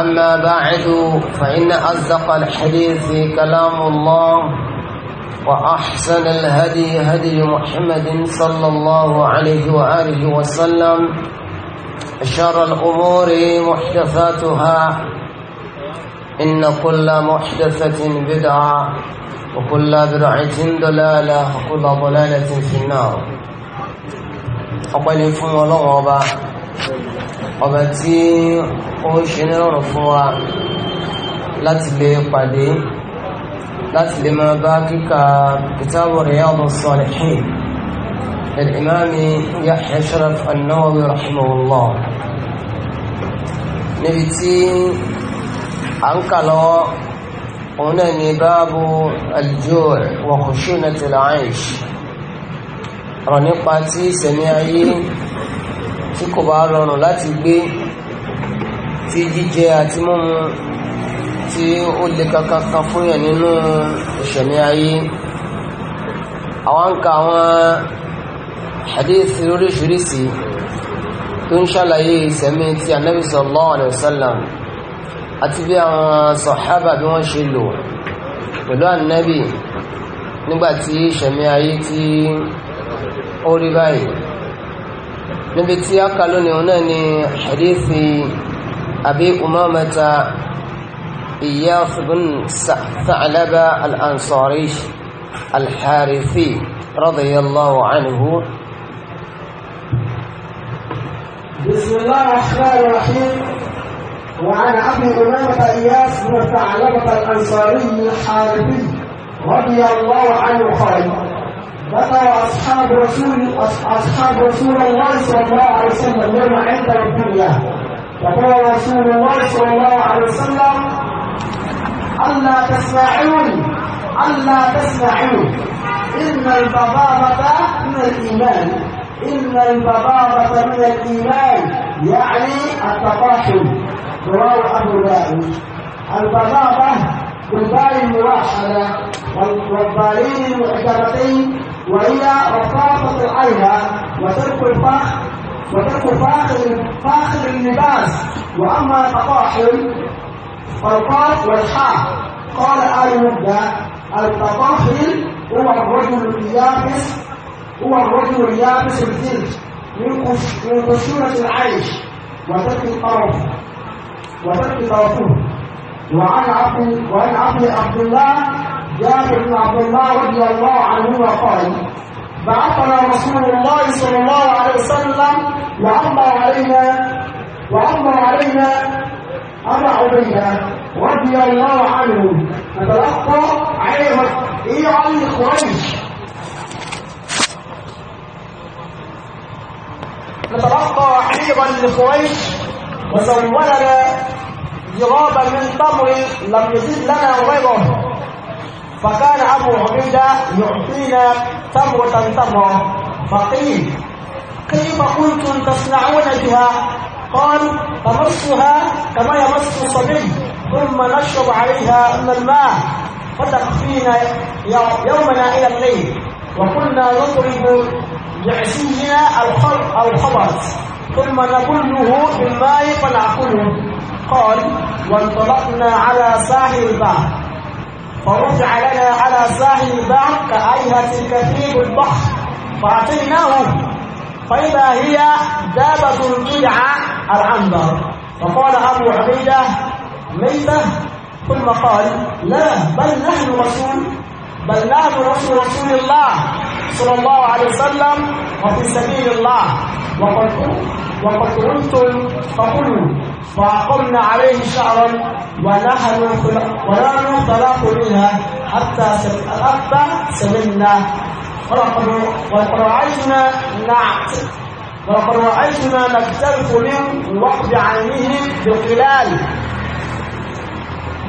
أما بعد فإن أصدق الحديث كلام الله وأحسن الهدي هدي محمد صلى الله عليه وآله وسلم شر الأمور محدثاتها إن كل محدثة بدعة وكل بدعة ضلالة وكل ضلالة في النار أقول فهم الله ọba tí ó ṣe ní ọ̀rọ̀ fún wa láti lè pàdé láti lè máa bá kíkà kìtàbù Riyadus Salihin al-Imam Yahya Sharaf an-Nawawi rahimahullah níbi tí a ń kà lọ́wọ́ òun náà ni báàbù al-ju' wa khushunatil rọ̀ nípa tí sẹ̀mí ayé tí kò bá rọrùn láti gbé tí jíjẹ àti mímu tí ó le kankan fún yàn nínú ìṣẹ̀mí ayé àwọn ń ka àwọn hadith lóríṣiríṣi tó ń ṣàlàyé ìṣẹ̀mí ti Ànábì sallallahu alaihi wasallam àti bí àwọn sàhábà bí wọ́n ṣe lò pẹ̀lú Ànábì nígbàtí ìṣẹ̀mí ayé tí ó rí báyìí níbi tí a kà lónìí òun náà ni hadithi abi umamata iyas bin sa'laba al-ansari al-harithi بسم الله الرحمن الرحيم وعن ابي امامه إياس بن ثعلبه الأنصاري الحارثي رضي الله عنه قال ذكر أصحاب رسول أصحاب رسول الله صلى الله عليه وسلم يوم عند رب فقال رسول الله صلى الله عليه وسلم ألا تسمعون ألا تسمعون إن البضاعة من الإيمان إن البضاعة من الإيمان يعني التفاحم رواه أبو داود البضاعة بالباء الموحدة والبارين المعتبتين وهي رقاقة العين وترك الفخر وترك فاخر فاخر اللباس واما التطاحن فالقاف والحاء قال آل مبدا التطاحن هو الرجل اليابس هو الرجل اليابس الثلج من من قشورة العيش وترك الطرف وترك طرفه وعن عبد وعن عبد الله جابر بن عبد الله رضي الله عنهما قال بعثنا رسول الله صلى الله عليه وسلم وعمر علينا وعمر علينا أبا عبيدة رضي الله عنه نتلقى عيبة إي علي قريش نتلقى عيبا لقريش وزولنا جرابا من تمر لم يزد لنا غيره فكان أبو عبيدة يعطينا تمرة تمرة فقيل كيف كنتم تصنعون بها؟ قال تمسها كما يمس الصبي ثم نشرب عليها من الماء فتكفينا يومنا إلى الليل وكنا نضرب بعسينا الخبز ثم نبله بالماء فنأكله قال وانطلقنا على ساحل البحر فرجع لنا على ساحل البحر كأيها كثيب البحر فأعطيناه فإذا هي دابة تدعى العنبر فقال أبو عبيدة ليس ثم قال لا بل نحن رسول بل نحن رسول رسول الله صلى الله عليه وسلم وفي سبيل الله وقد وقد قلتم فقلوا فأقمنا عليه شعرا ونحن ونحن خلق منها حتى حتى سمنا ولقد رأيتنا نعت ولقد رأيتنا نقترف من وقت عينهم بقلال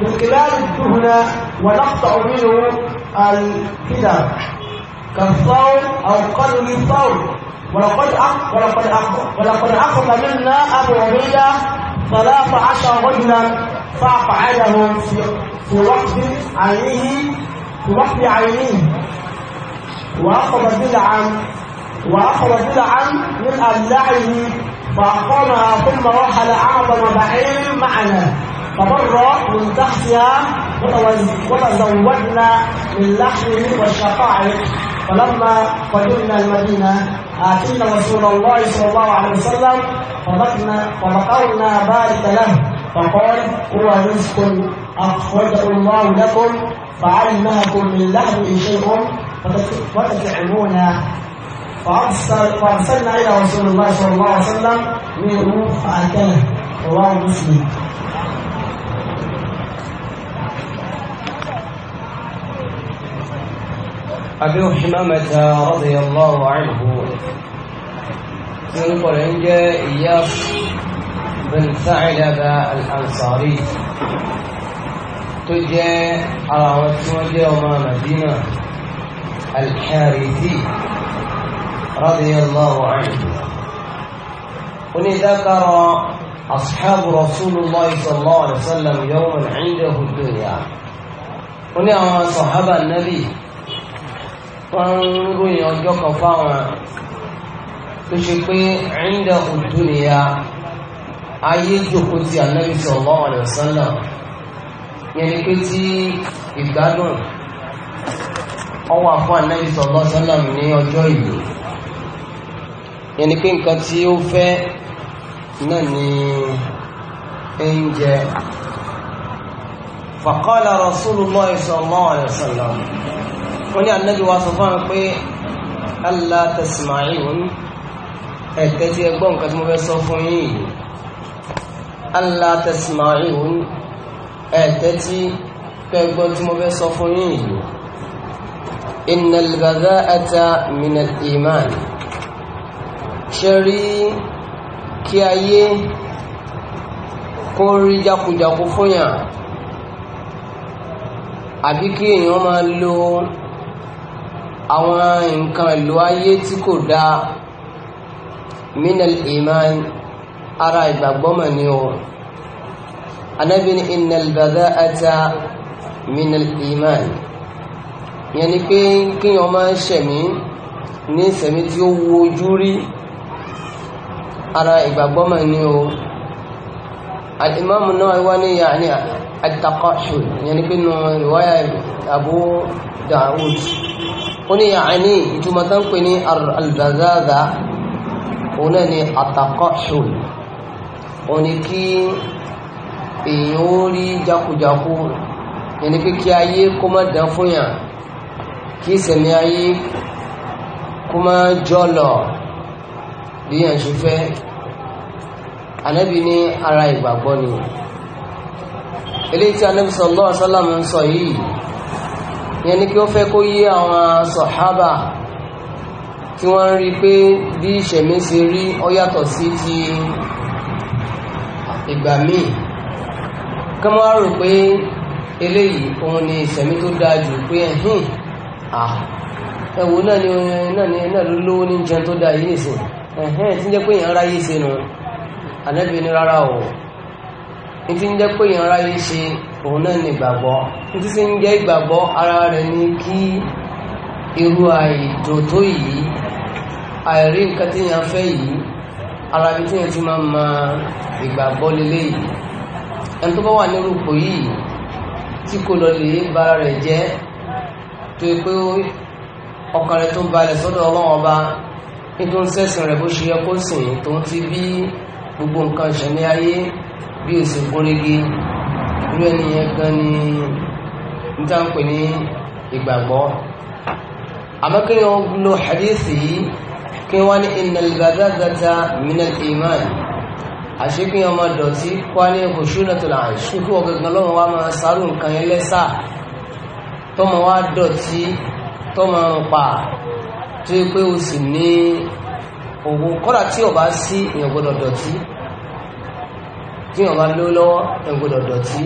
بقلال الدهن ونقطع منه الكلى كالثور أو قدر الثور ولقد ولقد ولقد أخذ منا أبو عبيدة ثلاث عشر رجلا فأقعدهم في في وقت عينه في وقت عينه وأخذ بدعا وأخذ بدعا من ابدعه فأقامها ثم رحل أعظم بعير معنا فبرا من تحتها وتزودنا من لحم والشقائق فلما قدمنا المدينة آتينا رسول الله صلى الله عليه وسلم فبقنا فبقرنا بارك له فقال هو رزق أخرجه الله لكم فعلمكم من لحمه شيء وتطعمون فأرسلنا إلى رسول الله صلى الله عليه وسلم منه فأكله رواه مسلم أبي حمامة رضي الله عنه من عند إياس بن ثعلب الأنصاري تجي على وجه وما مدينة الحارثي رضي الله عنه ذكر أصحاب رسول الله صلى الله عليه وسلم يوما عنده الدنيا هنا صحاب النبي wọ́n ń ròyìn ọjọ́ kan fáwọn tó ṣe pé ẹ̀yìndà òdú nìyà ayé jòkó ti ànábì sallallahu alaihi wasallam yẹn ni pé tí ìgbádùn ọwọ́ àfọ́ ànábì sallallahu alaihi wasallam ní ọjọ́ ìlú yẹn ni pé nǹkan tí ó fẹ́ náà ni ń jẹ faqala rasulullahi sallallahu alaihi wasallam wọ́n ní ànábì wa sọ fún àwọn pé allah tasma'un ẹ̀tẹ́ tí ẹ gbọ́ nǹkan tí mo fẹ́ sọ fún yín yìí allah tasma'un ẹ̀tẹ́ tí ẹ gbọ́ tí mo fẹ́ sọ fún yín yìí innal badha'ata ṣe rí kí ayé kó rí jákujàku fún yàn àbí kí èèyàn máa lo àwọn nǹkan ìlú ayé tí kò dáa minal iman ara ìgbàgbọ́ mọ̀ ni o anabi ni innal bada'ata minal iman yẹn ni pé kíyàn máa ń ṣẹ̀mí ní ìṣẹ̀mí tí ó wu ojú rí ara ìgbàgbọ́ mọ̀ ni o al náà wá ní yàní at yẹn ni pé nù riwaya Abu Dawud ó ní àní ìtumọ̀ tán pè ní albazaza òun náà ni atakọ́ṣùl ó ní kí èèyàn ó rí jákujáku ẹni pé kí ayé kó má dán fún yàn kí ìsẹ̀mí ayé kó má jọlọ bí yàn ṣe fẹ́ ànábì ní ara ìgbàgbọ́ ni eléyìí tí ànábì sallallahu alaihi wasallam ń sọ yìí yẹn ni kí ó fẹ́ kó yí àwọn sọ̀hábà tí wọ́n ń rí pé bí ìṣẹ̀mí ṣe rí ọ yàtọ̀ sí ti ìgbà míì kí wọ́n rò pé eléyìí òun ni ìṣẹ̀mí tó dáa jù pé ẹ̀hìn ẹ̀wò náà ni náà ni náà ló lówó ní jẹun tó dáa yìí ẹ̀hìn tí ń jẹ́ pé èèyàn nu rárá o ní ń jẹ́ pé èèyàn òun náà ní ìgbàgbọ́ títí sí ń jẹ́ ìgbàgbọ́ ara rẹ̀ ní kí irú àìdò tó yìí àìrí nǹkan tí yẹn fẹ́ yìí ara bí tí yẹn ti máa ma ìgbàgbọ́ lélẹ̀ yìí ẹni tó bá wà ní orúkọ yìí tí kò lọ lè bara rẹ̀ jẹ́ tó yẹ pé ọkàn rẹ̀ tó balẹ̀ sọ́dọ̀ ọlọ́run ọba nítorí sẹ́sìn rẹ̀ bó ṣe yẹ kó sìn tó ń ti bí gbogbo nǹkan ìṣẹ̀lẹ̀ ayé bí òsì gúnrégé irú ẹni yẹn gan ni níta ń pè ní ìgbàgbọ́ àmọ́ kí ni wọ́n lo hadith yìí kí wọ́n ní innal badadata minal iman àṣekí yẹn máa dọ̀tí kó a ní khushunnatul aish kí wọ́n gangan lọ́mọ wa máa sáró nǹkan yẹn lẹ́sà tọ́mọ wa dọ̀tí tọ́mọ pa tó yẹ pé o sì ní òun kọ́dà tí ọba sí èèyàn gbọ́dọ̀ dọ̀tí tí wọ́n bá ló lọ́wọ́ ẹgbọ́dọ̀ dọ̀tí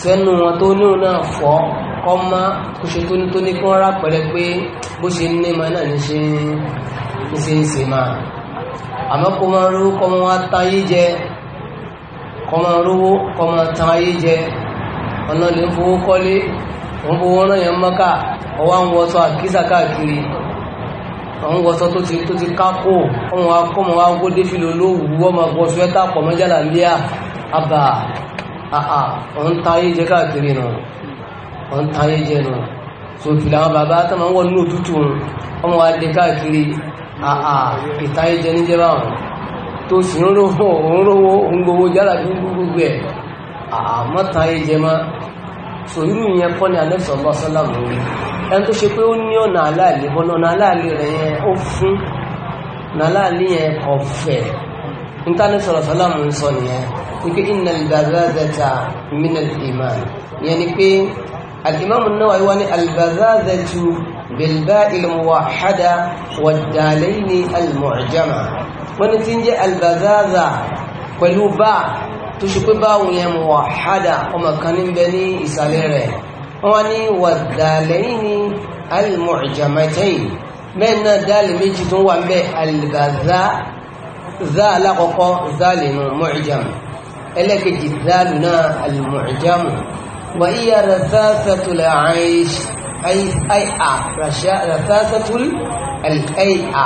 sẹ́nu wọn tó níhun náà fọ́ kọ́ má kó ṣe tó ní tó ní kí wọ́n rà pẹ̀lẹ́ pé bó ṣe ń ní máa náà ní ṣe ń ṣe ń ṣe máa àmọ́ kó máa rówó kọ́ máa tán ayé jẹ kọ́ máa rówó kọ́ máa tán ayé jẹ ọ̀nà lè fowó kọ́lé òun fowó rán yẹn mọ́kà ọwọ́ àwọn ọ̀ṣọ́ àkísà káàkiri àwọn wọ́sọ tó ti tó ti kákó ọmọ akọ́mọ agódé fìlò lówù ọmọ ọgbọ́ sweater pọ̀mọ́jálà lẹ́à àbà àà ọ̀n táyé jẹ káàkiri nù ọ̀n táyé jẹ nù so fìlà àwọn bàbá tó máa ń wọ́n nínú òtútù ọmọ adé káàkiri àà ìtáyé jẹ níjẹ báwọn tó sì ń rówó ń rówó ń gbowó yálà ní gbogbo ẹ̀ àà mọ́ táyé jẹ má so irú kọ́ ni alẹ́ sọ̀rọ̀ sọ́lá mọ́ ẹni tó ṣe pé ó ní ọ̀nà aláàlè ọ̀nà ọ̀nà aláàlè rẹ̀ yẹn ó fún ọ̀nà aláàlè yẹn ọ̀fẹ́ nítorí sọ̀rọ̀ sọ́lámù ń sọ nìyẹn wípé iná albazazata minal iman yẹn ni pé alimamu náà wáyé pé wọ́n ní wàdàlẹ́yìnì almu'jamatayn mẹ́ẹ̀nà dáàlì méjì tó wà mẹ́ albàzá zá alákọ̀ọ́kọ́ zálìnù mu'jam ẹlẹ́kejì zálùnà almu'jam wà iya rasasatul ai'a rasasatul ai'a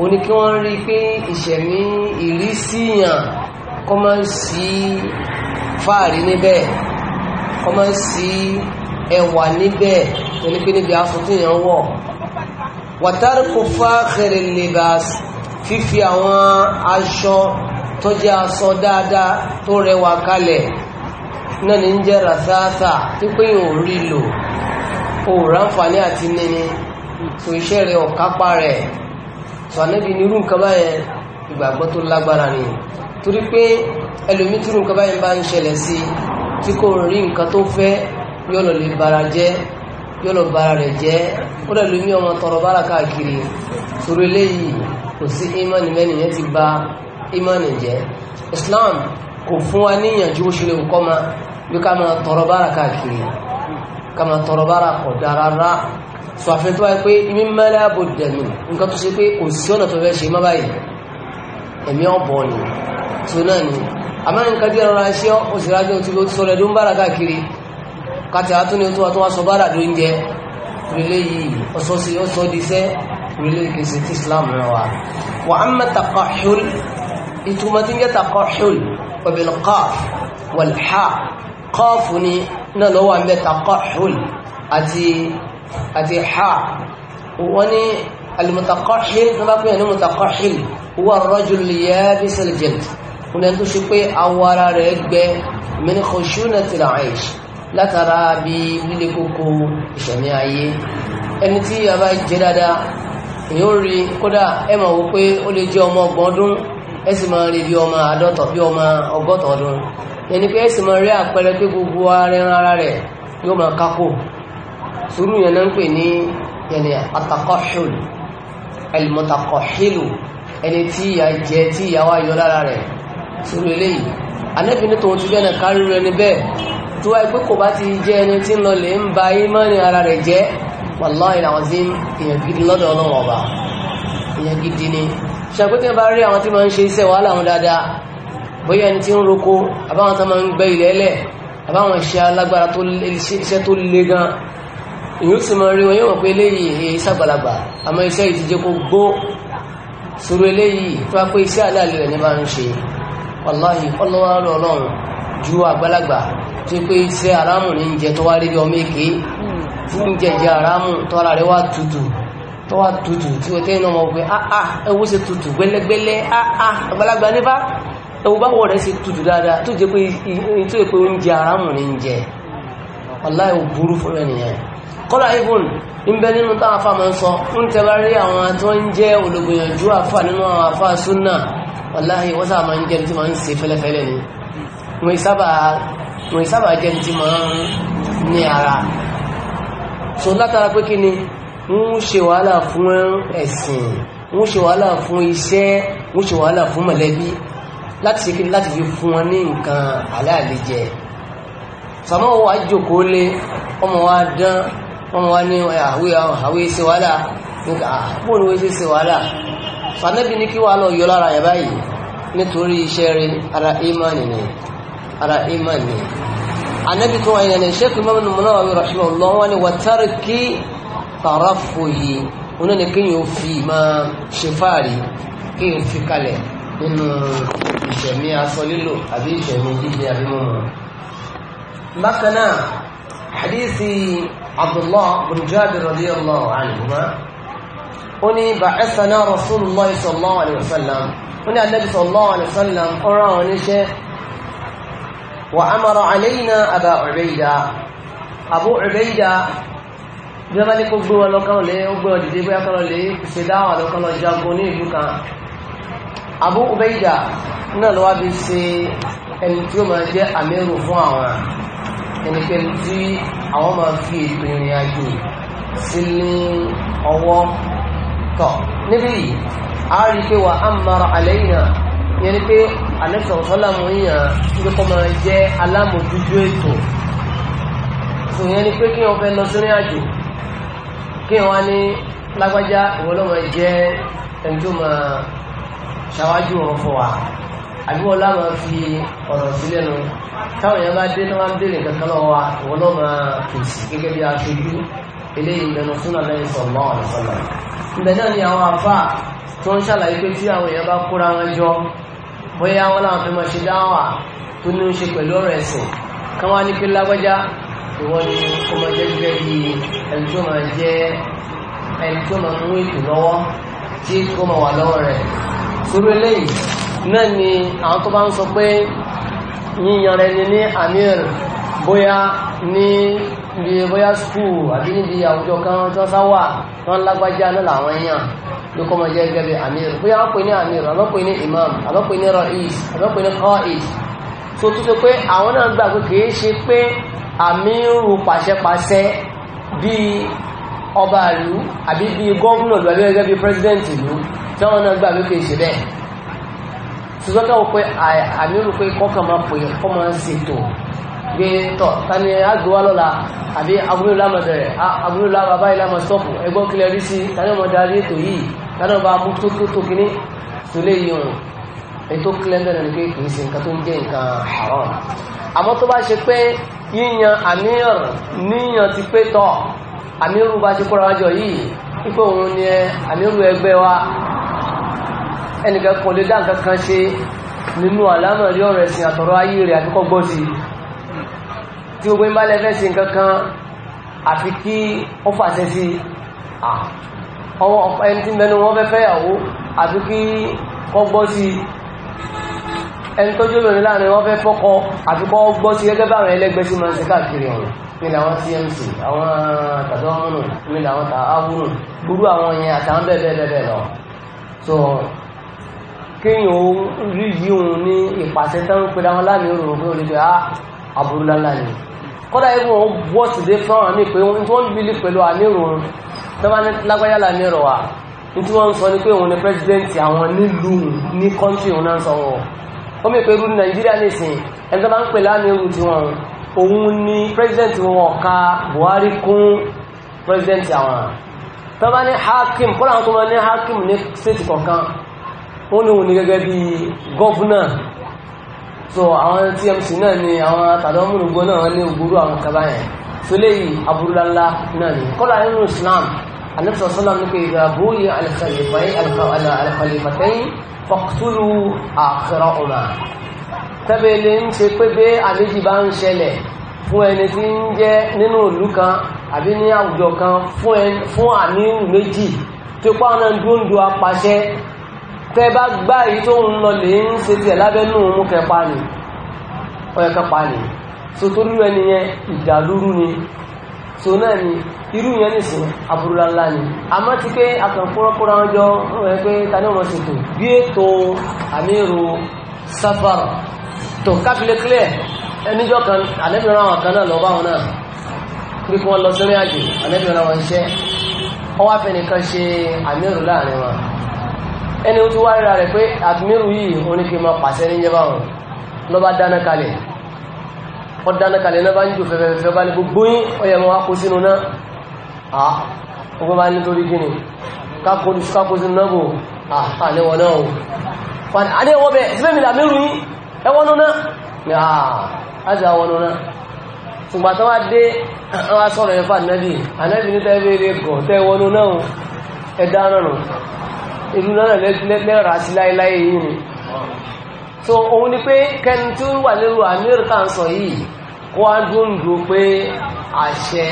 o ní kí wọ́n rí pé ìṣẹ̀mí ìrísíyàn kọ́ sí fáàrí níbẹ̀ kọ́ sí ẹwà níbẹ̀ ẹni pé níbi aṣọ tí yẹn wọ̀ wàtàríkù fáàkiri libas fífi àwọn aṣọ tó jẹ́ aṣọ dáadáa tó rẹwà kalẹ̀ náà ní ń jẹ́ rasasa pípé yìí ò rí lò ò ráǹfààní àti níní tó iṣẹ́ rẹ̀ ọ̀kápá rẹ̀ tó ànábi ní nǹkan báyẹn ìgbàgbọ́ tó lágbára ni torí pé ẹlòmítìrú nǹkan báyẹn bá ń ṣẹlẹ̀ sí tí kò rí nǹkan tó fẹ́ yóò lọ lè bara jẹ́ yóò lọ bara rẹ̀ jẹ́ ó dẹ̀ lómi ọmọ tọrọ bára káàkiri torí eléyìí kò sí imani mẹ́ni yẹn ti ba imani jẹ́ Islam kò fún wa níyànjú ó ṣe lè kọ́ ma bí ká máa tọrọ bára káàkiri ká máa tọrọ bára kọ̀ dára rá sọ àfihàn tó wáyé pé ibi mẹ́lẹ́ àbò dẹ̀mí nǹkan tó ṣe pé kò sí ọ̀nà tó fẹ́ ṣe má báyìí ẹ̀mí ọ̀bọ̀ ni tó náà ni àmọ́ nǹkan bí ẹ̀rọ ṣe ó sì rájọ́ tí ó ti sọ lẹ́dún bára káàkiri kàtí àtúnni tó wà tó wá sọ bára ló ń jẹ rẹlẹ yìí ọsọ sí ọsọ di iṣẹ rẹlẹ kìí ṣe ti Islam rẹ wa wa amma taqahhul ìtumọ̀ tí ń jẹ́ taqahhul bil qaf wal ha qaf ni náà lọ́wọ́ àmì taqahhul àti àti ha wọ́n ní al-mutaqahhil ní bá pè ní mutaqahhil huwa ar-rajul yabis al-jild wọn tó ṣe pé awọ rẹ̀ gbẹ min khushunatil aish látara bí líle kókó ìṣẹ̀mí ayé ẹni tí a bá jẹ́ dáadáa èyí ó rí kódà ẹ mọ̀ wó pé ó lè jẹ́ ọmọ ọgbọ̀n ọdún ẹ sì máa rí bí ọmọ àádọ́tọ̀ bí ọmọ ọgọ́tọ̀ ọdún ẹni pé ẹ sì máa rí àpẹẹrẹ pé gbogbo arẹran ara rẹ̀ yóò máa kákò sùúrù yẹn náà ń pè ní yẹnì atakọ́ṣùl ẹlmọ́takọ́ṣìlù ẹni tí ìyà jẹ tí ìyà wá yọ lára rẹ̀ sùúrù eléyìí tó wáyé pé kò bá ti jẹ́ ẹni tí ń lọlẹ̀ ń ba ìmánì ara rẹ̀ jẹ́ wallahi alazim èèyàn gidi lọ́dọ̀ ọlọ́wọ́ ọba èèyàn gidi ni ṣàpẹ́tẹ́ bá rí àwọn tí máa ń ṣe iṣẹ́ wàhálà wọn dáadáa bóyá ẹni tí ń roko àbáwọn tó máa ń gbẹ́ ilẹ̀ ẹlẹ̀ àbáwọn iṣẹ́ alágbára tó iṣẹ́ tó le gan èyí ó sì máa rí wọn yóò mọ̀ pé eléyìí èyí àmọ́ iṣẹ́ yìí ti jẹ́ kó gbó sòrò eléyìí tó wá pé iṣẹ́ aláàlẹ́ rẹ̀ ní bá ń ṣe wàláhì ọlọ́wọ́ ọlọ́run ju àgbàlagbà tó pé iṣẹ́ aráàmù ní jẹ tó wá rí ọmọ èké tí ń jẹjẹ aráàmù tó ara rẹ̀ wá tutù tó wá tutù tí ó tẹ́yìn náà mọ̀ pé áá ah, ẹwọ́ ah, ṣe tutù gbẹ́lẹ́gbẹ́lẹ́ áá ah, àgbàlagbà ní bá ẹwọ́ bá wọ̀ rẹ̀ ṣe tutù dáadáa tó jẹ́ pé tó yẹ pé oúnjẹ aráàmù ní jẹ wàláhì ò burú fún ẹnìyàn kọ́lá ibùn ń bẹ nínú ròyìn sábà jẹ́ ti máa ń ní ara so látara pé kí ni wọ́n ṣe wàhálà fún ẹ̀sìn wọ́n ṣe wàhálà fún iṣẹ́ wọ́n ṣe wàhálà fún mọ̀lẹ́bí láti ṣe kí ni láti fi fún wọn ní nǹkan aláàlejẹ sàmọ́ wa jókòó lé ọmọ wa dán ọmọ wa ní àwé ṣe wàhálà nígbà àpò ní wọ́n ṣe ṣe wàhálà sànẹ́bí ní kí wàhálà yọ lára yẹ báyìí nítorí iṣẹ́ rẹ̀ ara imani ni ara iman ni anabi tó wáyé ní sheikh imam Nawawi rahimahullah wọn ni wà tárìkì tàràfò yìí wọn ni kí yóò fi máa ṣe fáàrí kí yóò fi kalẹ̀ nínú ìṣẹ̀mí aṣọ lílò àbí ìṣẹ̀mí jíjẹ àbí mímu bákan náà hadithi abdullah bin jabir radiyallahu anhuma oni ba'athana rasulullah sallallahu alaihi wasallam oni anabi sallallahu alaihi wasallam ọ̀rọ̀ àwọn oníṣẹ́ وأمر علينا أبا عبيدة أبو عبيدة jọba ní kó gbé wọn lọ́kàn lé ó gbé wọn dìde bóyá kan lè ṣe dáwà lọ́kàn lọ jagun ní ìlú kan Abu Ubaida náà lọ́wọ́ bí ṣe ẹni tí ó máa jẹ́ àmẹ́rù fún àwọn ẹnikẹ́ni tí àwọn máa fi ètò ìrìn àjò sí ní ọwọ́ tọ̀ níbí yìí a rí pé wà á mara àlẹ́yìn náà yẹn pé anẹ́sọ̀rọ̀ sọ́làmù yàn kọ́ máa jẹ́ alámòjújú ètò tó ni pé kí wọ́n fẹ́ lọ sórí àjò kí wọ́n ní lágbájá ìwọ́n lọ́mọ jẹ́ ẹni máa ṣáwájú ọ̀rọ̀ fún wa àbí wọ́n láwọn fi ọ̀rọ̀ sílẹ̀ nu táwọn èèyàn bá dé náà wọ́n béèrè kankan lọ́wọ́ wa ìwọ́n lọ́ fèsì gẹ́gẹ́ bí aṣojú eléyìí ìdẹnu súnà lẹ́yìn sọ̀lọ́ ọ̀rọ̀ ìbẹ̀ náà ni àwọn àfà tó ń ṣàlàyé pé tí àwọn èèyàn bá kóra wọn jọ bóyá wọn làwọn fẹ́ máa ṣe dáwà tó ní í ṣe pẹ̀lú ọ̀rọ̀ ẹ̀sìn kí wọ́n á ní pé lágbájá ìwọ ni ó máa jẹ́ gẹ́gẹ́ bí ẹni tó máa jẹ́ ẹni tó máa mú ètò lọ́wọ́ tí kò máa wà lọ́wọ́ rẹ̀ sórí eléyìí náà ni àwọn tó bá ń sọ pé yíyan rẹ ni ní amir bóyá ní bí bóyá skul àbí níbi àwùjọ kan tó sáwà tó ń lágbájá náà làwọn èèyàn ló kọ́ mọ jẹ́ gẹ́gẹ́ bí amir bóyá wọ́n pè ní amir àbọ̀ pè ní imam àbọ̀ pè ní ra'is àbọ̀ pè ní qa'id so tó ṣe pé àwọn náà gbà pé kìí ṣe pé àmírù pàṣẹpàṣẹ bíi ọba ìlú àbí bíi gọ́ọ̀nà ìlú àbí gẹ́gẹ́ bíi president ìlú tí wọ́n náà gbà pé kìí ṣe bẹ́ẹ̀ ṣùgbọ́n káwọn pé àmírù pé kọ́kàn máa pè kọ́ máa ń ṣètò gbé tọ̀ tani agbówá lọ́la àbí abúlé lámọ̀ bẹ̀rẹ̀ abúlé lámọ̀ báyìí lámọ̀ sọ́ọ̀pù ẹgbọ́n kílẹ̀ rí sí tani ọmọ darí ètò yìí tani ọba mú tó tó tó kíní tó lè yí òun ètò kílẹ̀ ń bẹ̀rẹ̀ ni pé kì í ṣe nǹkan tó ń jẹ́ nǹkan haram àmọ́ tó bá ṣe pé yíyan àníyàn níyàn ti pé tọ̀ àmírù bá ṣe kóra wájọ yìí ipò òun ni àmírù ẹgbẹ́ wa ẹnìkan kò lè dá nǹkan kan ṣe nínú àlámọ̀ rí ọ̀rọ̀ ẹ̀sìn àtọ̀rọ̀ ayé rẹ̀ àbíkọ́ gbọ́ sí tí gbogbo ń bá lẹ́fẹ́ sí nǹkan kan àfi kí ó fàṣẹ sí ọwọ́ ẹni tí mẹ́nu wọ́n fẹ́ fẹ́yàwó àfi kí wọ́n gbọ́ sí ẹni tó jóbìnrin láàrin wọ́n fẹ́ fọ́kọ àfi kọ́ gbọ́ sí gẹ́gẹ́ báwọn ẹlẹ́gbẹ́ sí máa ń ṣe káàkiri ọ̀rọ̀ nílẹ̀ àwọn tmc àwọn tàdọ́mùnù nílẹ̀ àwọn tàáwùnù gbúrú àwọn yẹn àtàwọn bẹ́ẹ̀ bẹ́ẹ̀ bẹ́ẹ̀ lọ so kéèyàn ó rí yíhun ní ìpàṣẹ tán ń pe dáwọn láàrin òrùn pé olùdó ah, àbúrú lálá ni kọ́dá ibùn wọn bọ́ sí dé fún àwọn ní pé wọ́n bílí pẹ̀lú àníròrùn tó bá ní lágbáyàlà nírọ̀wà ní tí wọ́n ń sọ ní pé òun ni pẹ́sidẹ́ntì àwọn nílùú ní kọ́ńtì òun náà sọ wọn ó mẹ́ pẹ̀lú nàìjíríà nìsín ẹni tó bá ń pè lánìrù tí wọn òun ni pẹ́sidẹ́ntì hakim kọ́dà wọn tó máa ní hakim ní stéètì kọ̀ọ̀kan ó ní òun ni so àwọn tmc náà ni àwọn àtàdọ́ múlùgbọ́ náà ní ògbúrú àwọn kaba yẹn so léyìí aburúlálá náà ni kọ́lá nínú islam anabisa sallam ní pé ìgbàgbó yìí alìkàlìfàtẹ́yìn fọ́kútùlù àkẹrọ ọ̀nà tẹ́bẹ̀lẹ̀ ń ṣe pé bí àlejì bá ń ṣẹlẹ̀ fún ẹni tí ń jẹ́ nínú ìlú kan àbí ní àwùjọ kan fún àníyàn méjì tó pàánà dúndú apàṣẹ tẹ bá gbá èyí tó ń lọ lè ń ṣe tiẹ̀ lábẹ́nú òun kẹpa nì ọ̀yẹ̀kẹpa nì so tó rírọ ẹni yẹn ìdàlúrú ni so náà ni irú yẹn nìsín aburúlá ńlá ni àmọ́ ti pé akànkúrọ́kúrọ́ wọn jọ wọ́n yẹ pé ta ni wọ́n ṣètò bí ètò àmírò sáfàrà tó kábílẹ̀ kílẹ̀ ẹníjọ́ kan ànẹ́bìnrin àwọn kan náà lọ bá wọn náà pé kí wọ́n lọ sórí àjò ànẹ́bìnrin àwọn iṣẹ́ ọwọ́ afẹnìkan ṣe àmírò láàrin wọn ẹni tó wá rírà rẹ̀ pé àtúmírù yìí oníkè máa pàṣẹ ní jẹba wọn lọ bá dáná kalẹ̀ ọ dáná kalẹ̀ náà bá ń jò fẹ́fẹ́fẹ́ bá ní gbogbo yín ọyẹ wọn kó sínú náà à ọgbọ́n bá nítorí gíní kákó sínú náà bò à níwọ̀n náà o fani adé wọ́n bẹ̀ síbẹ̀ mi làmírù yín ẹwọ́n nú náà ní àá àti àwọn nú náà ṣùgbọ́n tó wá dé àwọn asọ̀rọ̀ ẹ̀fà nẹ́bì ànẹ́bì ní tẹ́ẹ̀bẹ̀rẹ̀ gọ̀ tẹ́ẹ̀wọ́n náà ẹ̀dá náà ìlú náà lẹ́ra sí láíláí yìí ni so òun ni pé kẹni tí ó wà lérò amir kan sọ yìí kó wá dúndú pé àṣẹ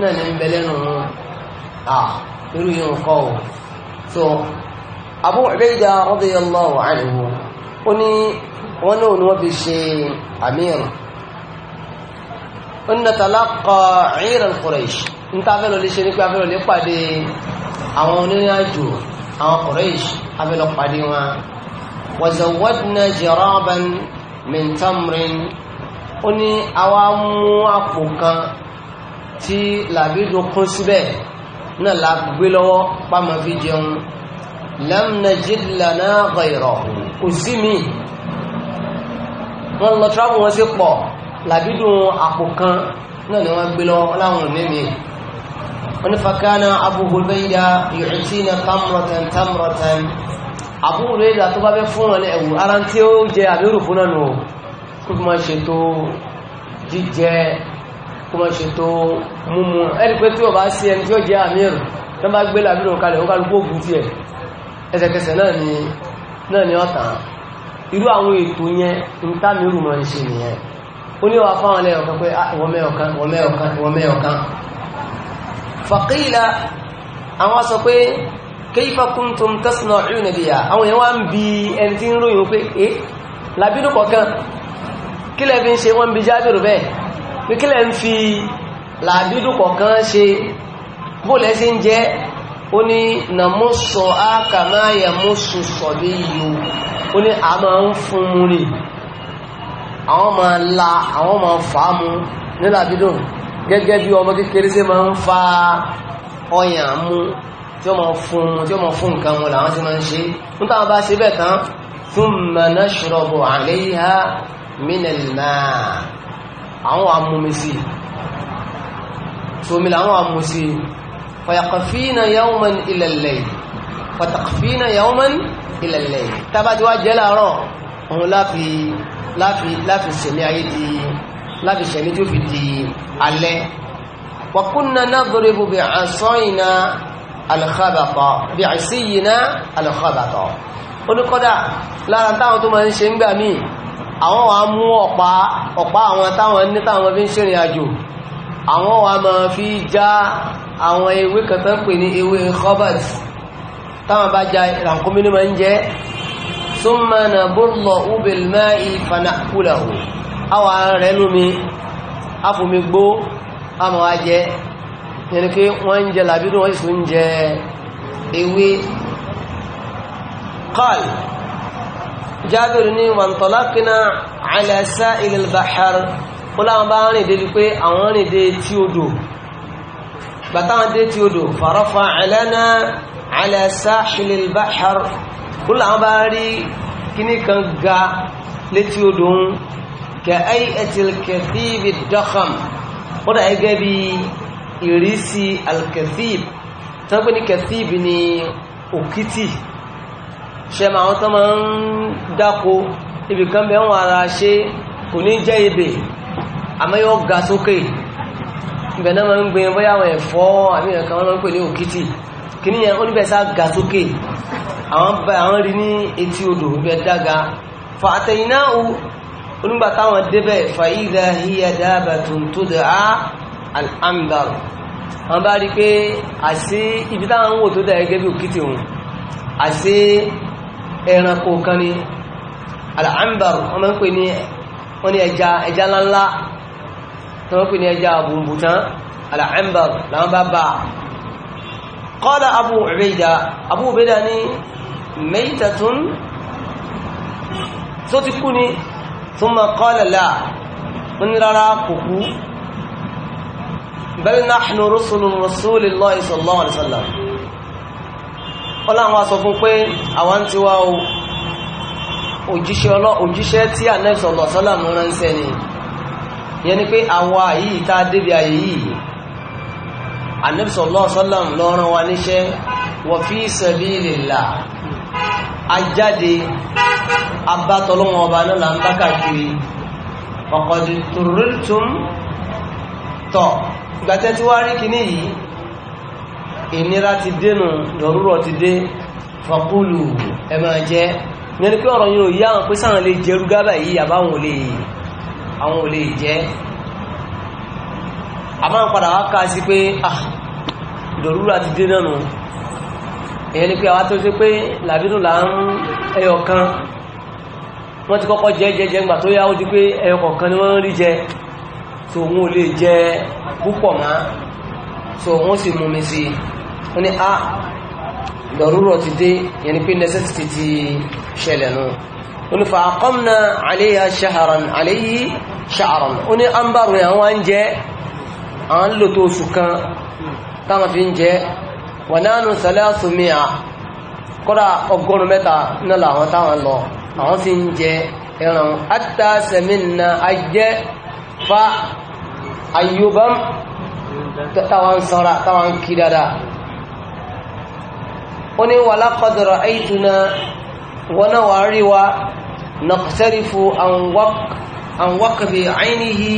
náà ní bẹ lẹ́nu wọn yìí so Abu Ubaida radiyallahu anhu ó ní wọn náà ni wọ́n fi ṣe amir ó ní natalaqa ìran Quraysh ń ta fẹ́ lọ lè ṣe àwọn onírìnàjò àwọn Quraysh abẹ́lọ pàdé wọn wàzàwọ́dínà jiraban min tamrin ó ní àwa mú àpò kan tí làbídò kún síbẹ̀ náà la gbé lọ́wọ́ pàmọ́ fi jẹun lam najid lana ghayrahu kò sí mi wọ́n lọ tíráàbù wọn sí pọ̀ làbídò àpò kan náà ni wọ́n gbé lọ́wọ́ láwọn ò ní mi wọ́n فكان أبو هريرة يعطينا تمرة تمرة Abu Hurairah tó bá bẹ́ fún ọ̀lẹ́ ẹ̀wù ara tí ó jẹ àbẹ́rù fún náà nù kó fi máa ṣètò jíjẹ kó máa ṣètò múmu ẹni pé tí ó bá sí ẹni tí ó jẹ àmìrù tó bá gbé làbírò kalẹ̀ ni náà ni ọ̀tàn irú àwọn ètò yẹn ń tàmírù máa ń ṣe nìyẹn ó ní wàá fáwọn ẹlẹ́yọ̀kan pé ah, wọ́n fàkílà àwọn sọ pé kayfa kuntum tasna'una biha àwọn èèyàn wá ń bi ẹni tí ń ròyìn pé é eh, làbínú kọ̀ọ̀kan kí lẹ́ fi ń ṣe wọ́n ń bi jábìrù bẹ́ẹ̀ pé kí lẹ́ ń fi làbínú kọ̀ọ̀kan ṣe bóòlẹ́ sí ń jẹ́ ó ní nàmúsọ ákàmá yàmúsù sọ̀bí yìí ó ní a máa ń fún mu ni àwọn máa la àwọn máa fàá mu nílàbínú gẹ́gẹ́ bí ọmọ kékeré sí máa ń fa ọyàn mú tí ó máa fún tí ó máa fún nǹkan mu làwọn ti máa ń ṣe ń táwọn bá ṣe bẹ́ẹ̀ tán thumma nashrabu alayha minal maa àwọn amúmi sí tómi làwọn amú sí fayaqfina yawman ila al-layl fatakfina tábàtí wá jẹ́ láàárọ̀ òun láfi láfi láfi sẹ̀mí ayé di láti ṣẹ̀mí tó fi di alẹ́ wa kunna nadribu bi'asayna al-khabata bi'asiyina al-khabata ó ní kọ́dà lára táwọn tó máa ń ṣe ń gbà míì àwọn wa mú ọ̀pá ọ̀pá àwọn táwọn ní táwọn fi ń ṣèrìn àjò àwọn wa máa fi já àwọn ewé kan ń pè ní ewé khabat táwọn bá já ìrànkúnmínú máa ń jẹ́ summa nabullu bil ma'i fana'kulahu àwọn rẹ̀ lómi afúnmi gbó àmọ́ wa jẹ yẹni pé wọ́n ń jẹ làbídùn wọ́n sì ń jẹ ewé قال جابر ní وانطلقنا على سائل البحر wọ́n láwọn bá rìn débi pé àwọn rìn dé tí odò gbàtàwọn dé tí odò farafa alana ala sahil al-bahr bá rí kíní kan ga létí odò ń كأيئة الكثيب الضخم ودا أجابي ìrísí alkathib tán pé ní kathib ni òkìtì ṣe ma àwọn tán ma ń dáko ibìkan bẹ wọn ara ṣe kò ní jẹ́ ebè àmọ́ yóò ga sókè ibẹ̀ náà ma ń gbin bóyá àwọn ẹ̀fọ́ àbí ẹ̀kan wọn ma ń pè ní òkìtì kìíní yẹn oníbẹ̀sá ga sókè àwọn rí ní etí odò ibẹ̀ dága fa àtẹ̀yìnáwó onígbà táwọn débẹ̀ fàyíza hiya dábàtun tud'a al-anbar wọ́n bá rí pé àṣí ibi táwọn ń wò tó dáa gẹ́gẹ́ bí òkìtì òun àṣí ẹranko kan ni al wọ́n máa pè ní ẹja ẹja tó wọ́n pè ní ẹja àbùnbùtán al-anbar bá bá qala abu ubayda abu ثم قال لا من راكو بل نحن رسل رسول الله صلى الله عليه وسلم ọlọ́run wa sọ fún pé àwọn tí wá òjíṣẹ́ tí ànábì sallallahu alaihi wasallam ránṣẹ́ ni yẹn ni pé àwa yìí tá a débi àyè yìí ànábì sallallahu alaihi wasallam ló wa níṣẹ́ wa fi sabilillah ajáde abátọlọ́wọ́ ọba náà là ń bá káàkiri ọ̀kọ̀dì tòrítún tọ̀ ìgbàtẹ́ tí wá rí kìíní yìí ìnira ti dénú lọ́rúrọ̀ ti dé fọkúlù ẹ̀mọ̀ jẹ́ nínú kí ọ̀rọ̀ yóò yá àwọn pé sáwọn lè jẹrú gábà yìí àbáwọn ò lè àwọn ò lè jẹ́ àmọ́ padà wá ká sí pé ah ti dé èyàn ni pé àwa tó ṣe pé làbínú là ń ẹyọ kan wọ́n ti kọ́kọ́ jẹ jẹjẹ ńgbà tó yá ó di pé ẹyọ kọ̀ọ̀kan ni wọ́n rí jẹ tó òun ò lè jẹ púpọ̀ má tó òun sì mú mi sí wọ́n ní a ah, lọ́rùrọ̀ ti dé yẹn ni pé necessity ti ṣẹlẹ̀ nù wọ́n ní fàákọ́mùnà àléyà ṣaharan àléyí ṣaharan ó ní àǹbàrún àwọn ń jẹ àwọn lò tó oṣù kan táwọn fi ń jẹ wà nánú sàlẹ́sù mìíà kọ́dà ọgọ́rùn mẹ́ta náà làwọn táwọn lọ àwọn sì ń jẹ ẹran ata sẹmínà ajẹ́ fa ayobam táwọn sọ́ra táwọn kí dáadáa ó ní wà lákọ̀dọ̀rọ̀ àìtúná wọn náà wà rí wa nàkṣẹ́rìfù àwọn àìníhì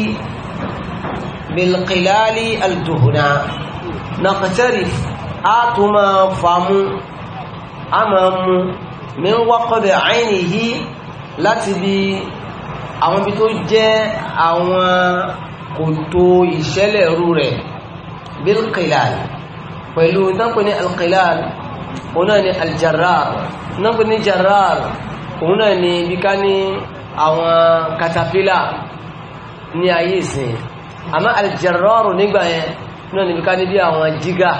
bilkilali alduhuna nàkṣẹ́rìfù a tún máa fàmú a máa mú mi ń wákọ̀dẹ̀ àìní yìí láti bí àwọn ibi tó jẹ́ àwọn kòtò ìṣẹ̀lẹ̀ rú rẹ̀ bilkilal pẹ̀lú náà ní alkilal òun náà ní aljarrar náà ní jarrar òun náà bí ká ní àwọn katapila ní ayé ìsìn àmọ́ aljarrar nígbà náà ní bí ká ní bí àwọn jígà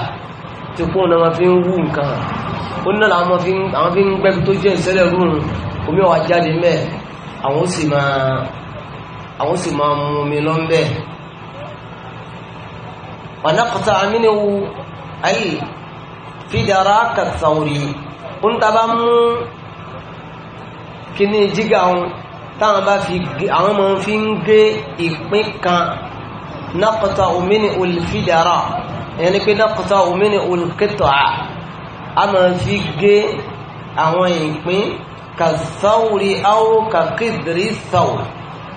tí kún ọ̀nà wọn fi ń wú nǹkan ó náà làwọn fi ń gbẹ́bi tó jẹ́ ìṣẹ̀lẹ̀ rúrun omi ọ̀wà jáde mẹ́ àwọn sì máa àwọn sì máa mú omi lọ́nbẹ̀ wànákọ̀tà amínewú ayé fídára kàtàwòrì ń taba mú kíní jígà wọn táwọn bá fi àwọn ọmọ fi ń gé ìpín kan nákọ̀tà omi ní olùfídára ìyẹn ni pé lọ́kọ̀tà òmìnì olùkẹ́tọ̀ à a máa fi gé àwọn ìpín kàsáwùrì áwò kàkídìrí sàwù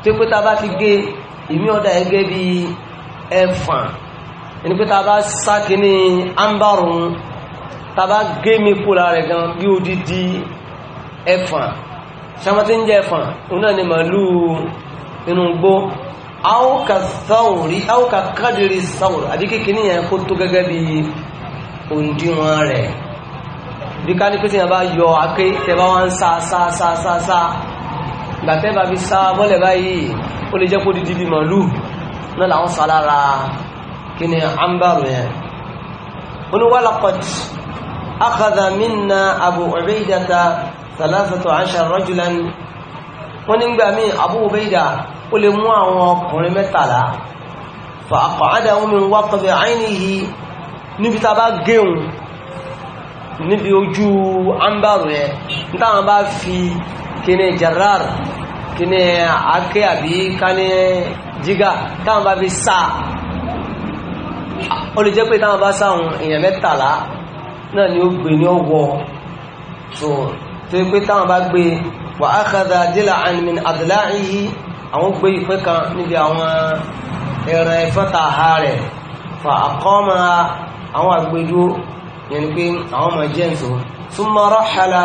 tó pé tá a bá fi gé ìmí ọ̀dà ẹgẹ́ bí ẹ̀fàn ìní pé tá a bá ámbàrún tá gé mi kúra rẹ̀ gan bí odidi ẹ̀fàn sàmọ́tí ń jẹ́ ẹ̀fàn òun náà ni màálù inú gbó aw ka thawri aw ka kadiri thawri àbí kékeré yẹn kó tó gẹ́gẹ́ bí òǹdíwọ̀n rẹ̀ bí ká ní pé tí yẹn bá yọ aké tẹ bá wọn sá sá sá sá sá gbàtẹ́ bá fi sá bọ́lẹ̀ báyìí ó lè jẹ́ kó di dídí màálù náà làwọn sá lára kí ambaru yẹn oníwàlákọ̀t akadà minna abu ubaidata thalathatu ashar rajulan wọn nígbà míì abu ubaida ó lè mú àwọn ọkùnrin mẹ́tàlá fa àkọ̀ádà omi wá kọ̀bẹ̀ àìníhì níbi tá bá géun níbi ojú ámbàrù ẹ̀ nítawọn bá fi kíní jarar kíní aké àbí kání jígà táwọn bá fi sá ó lè jẹ́ pé táwọn bá sáwọn èèyàn mẹ́tàlá náà ni ó gbé ní ọwọ́ tó tó pé táwọn bá gbé wà ákàdà dílà àìní àdìláàríyìí àwọn gbé ìpín kan níbi àwọn ẹran ìfẹ́ta ha rẹ̀ fa àkọ́mọ àwọn àgbèdú yẹn pé àwọn ọmọ jẹ́ǹtò súnmọ́ rọ́ṣàlá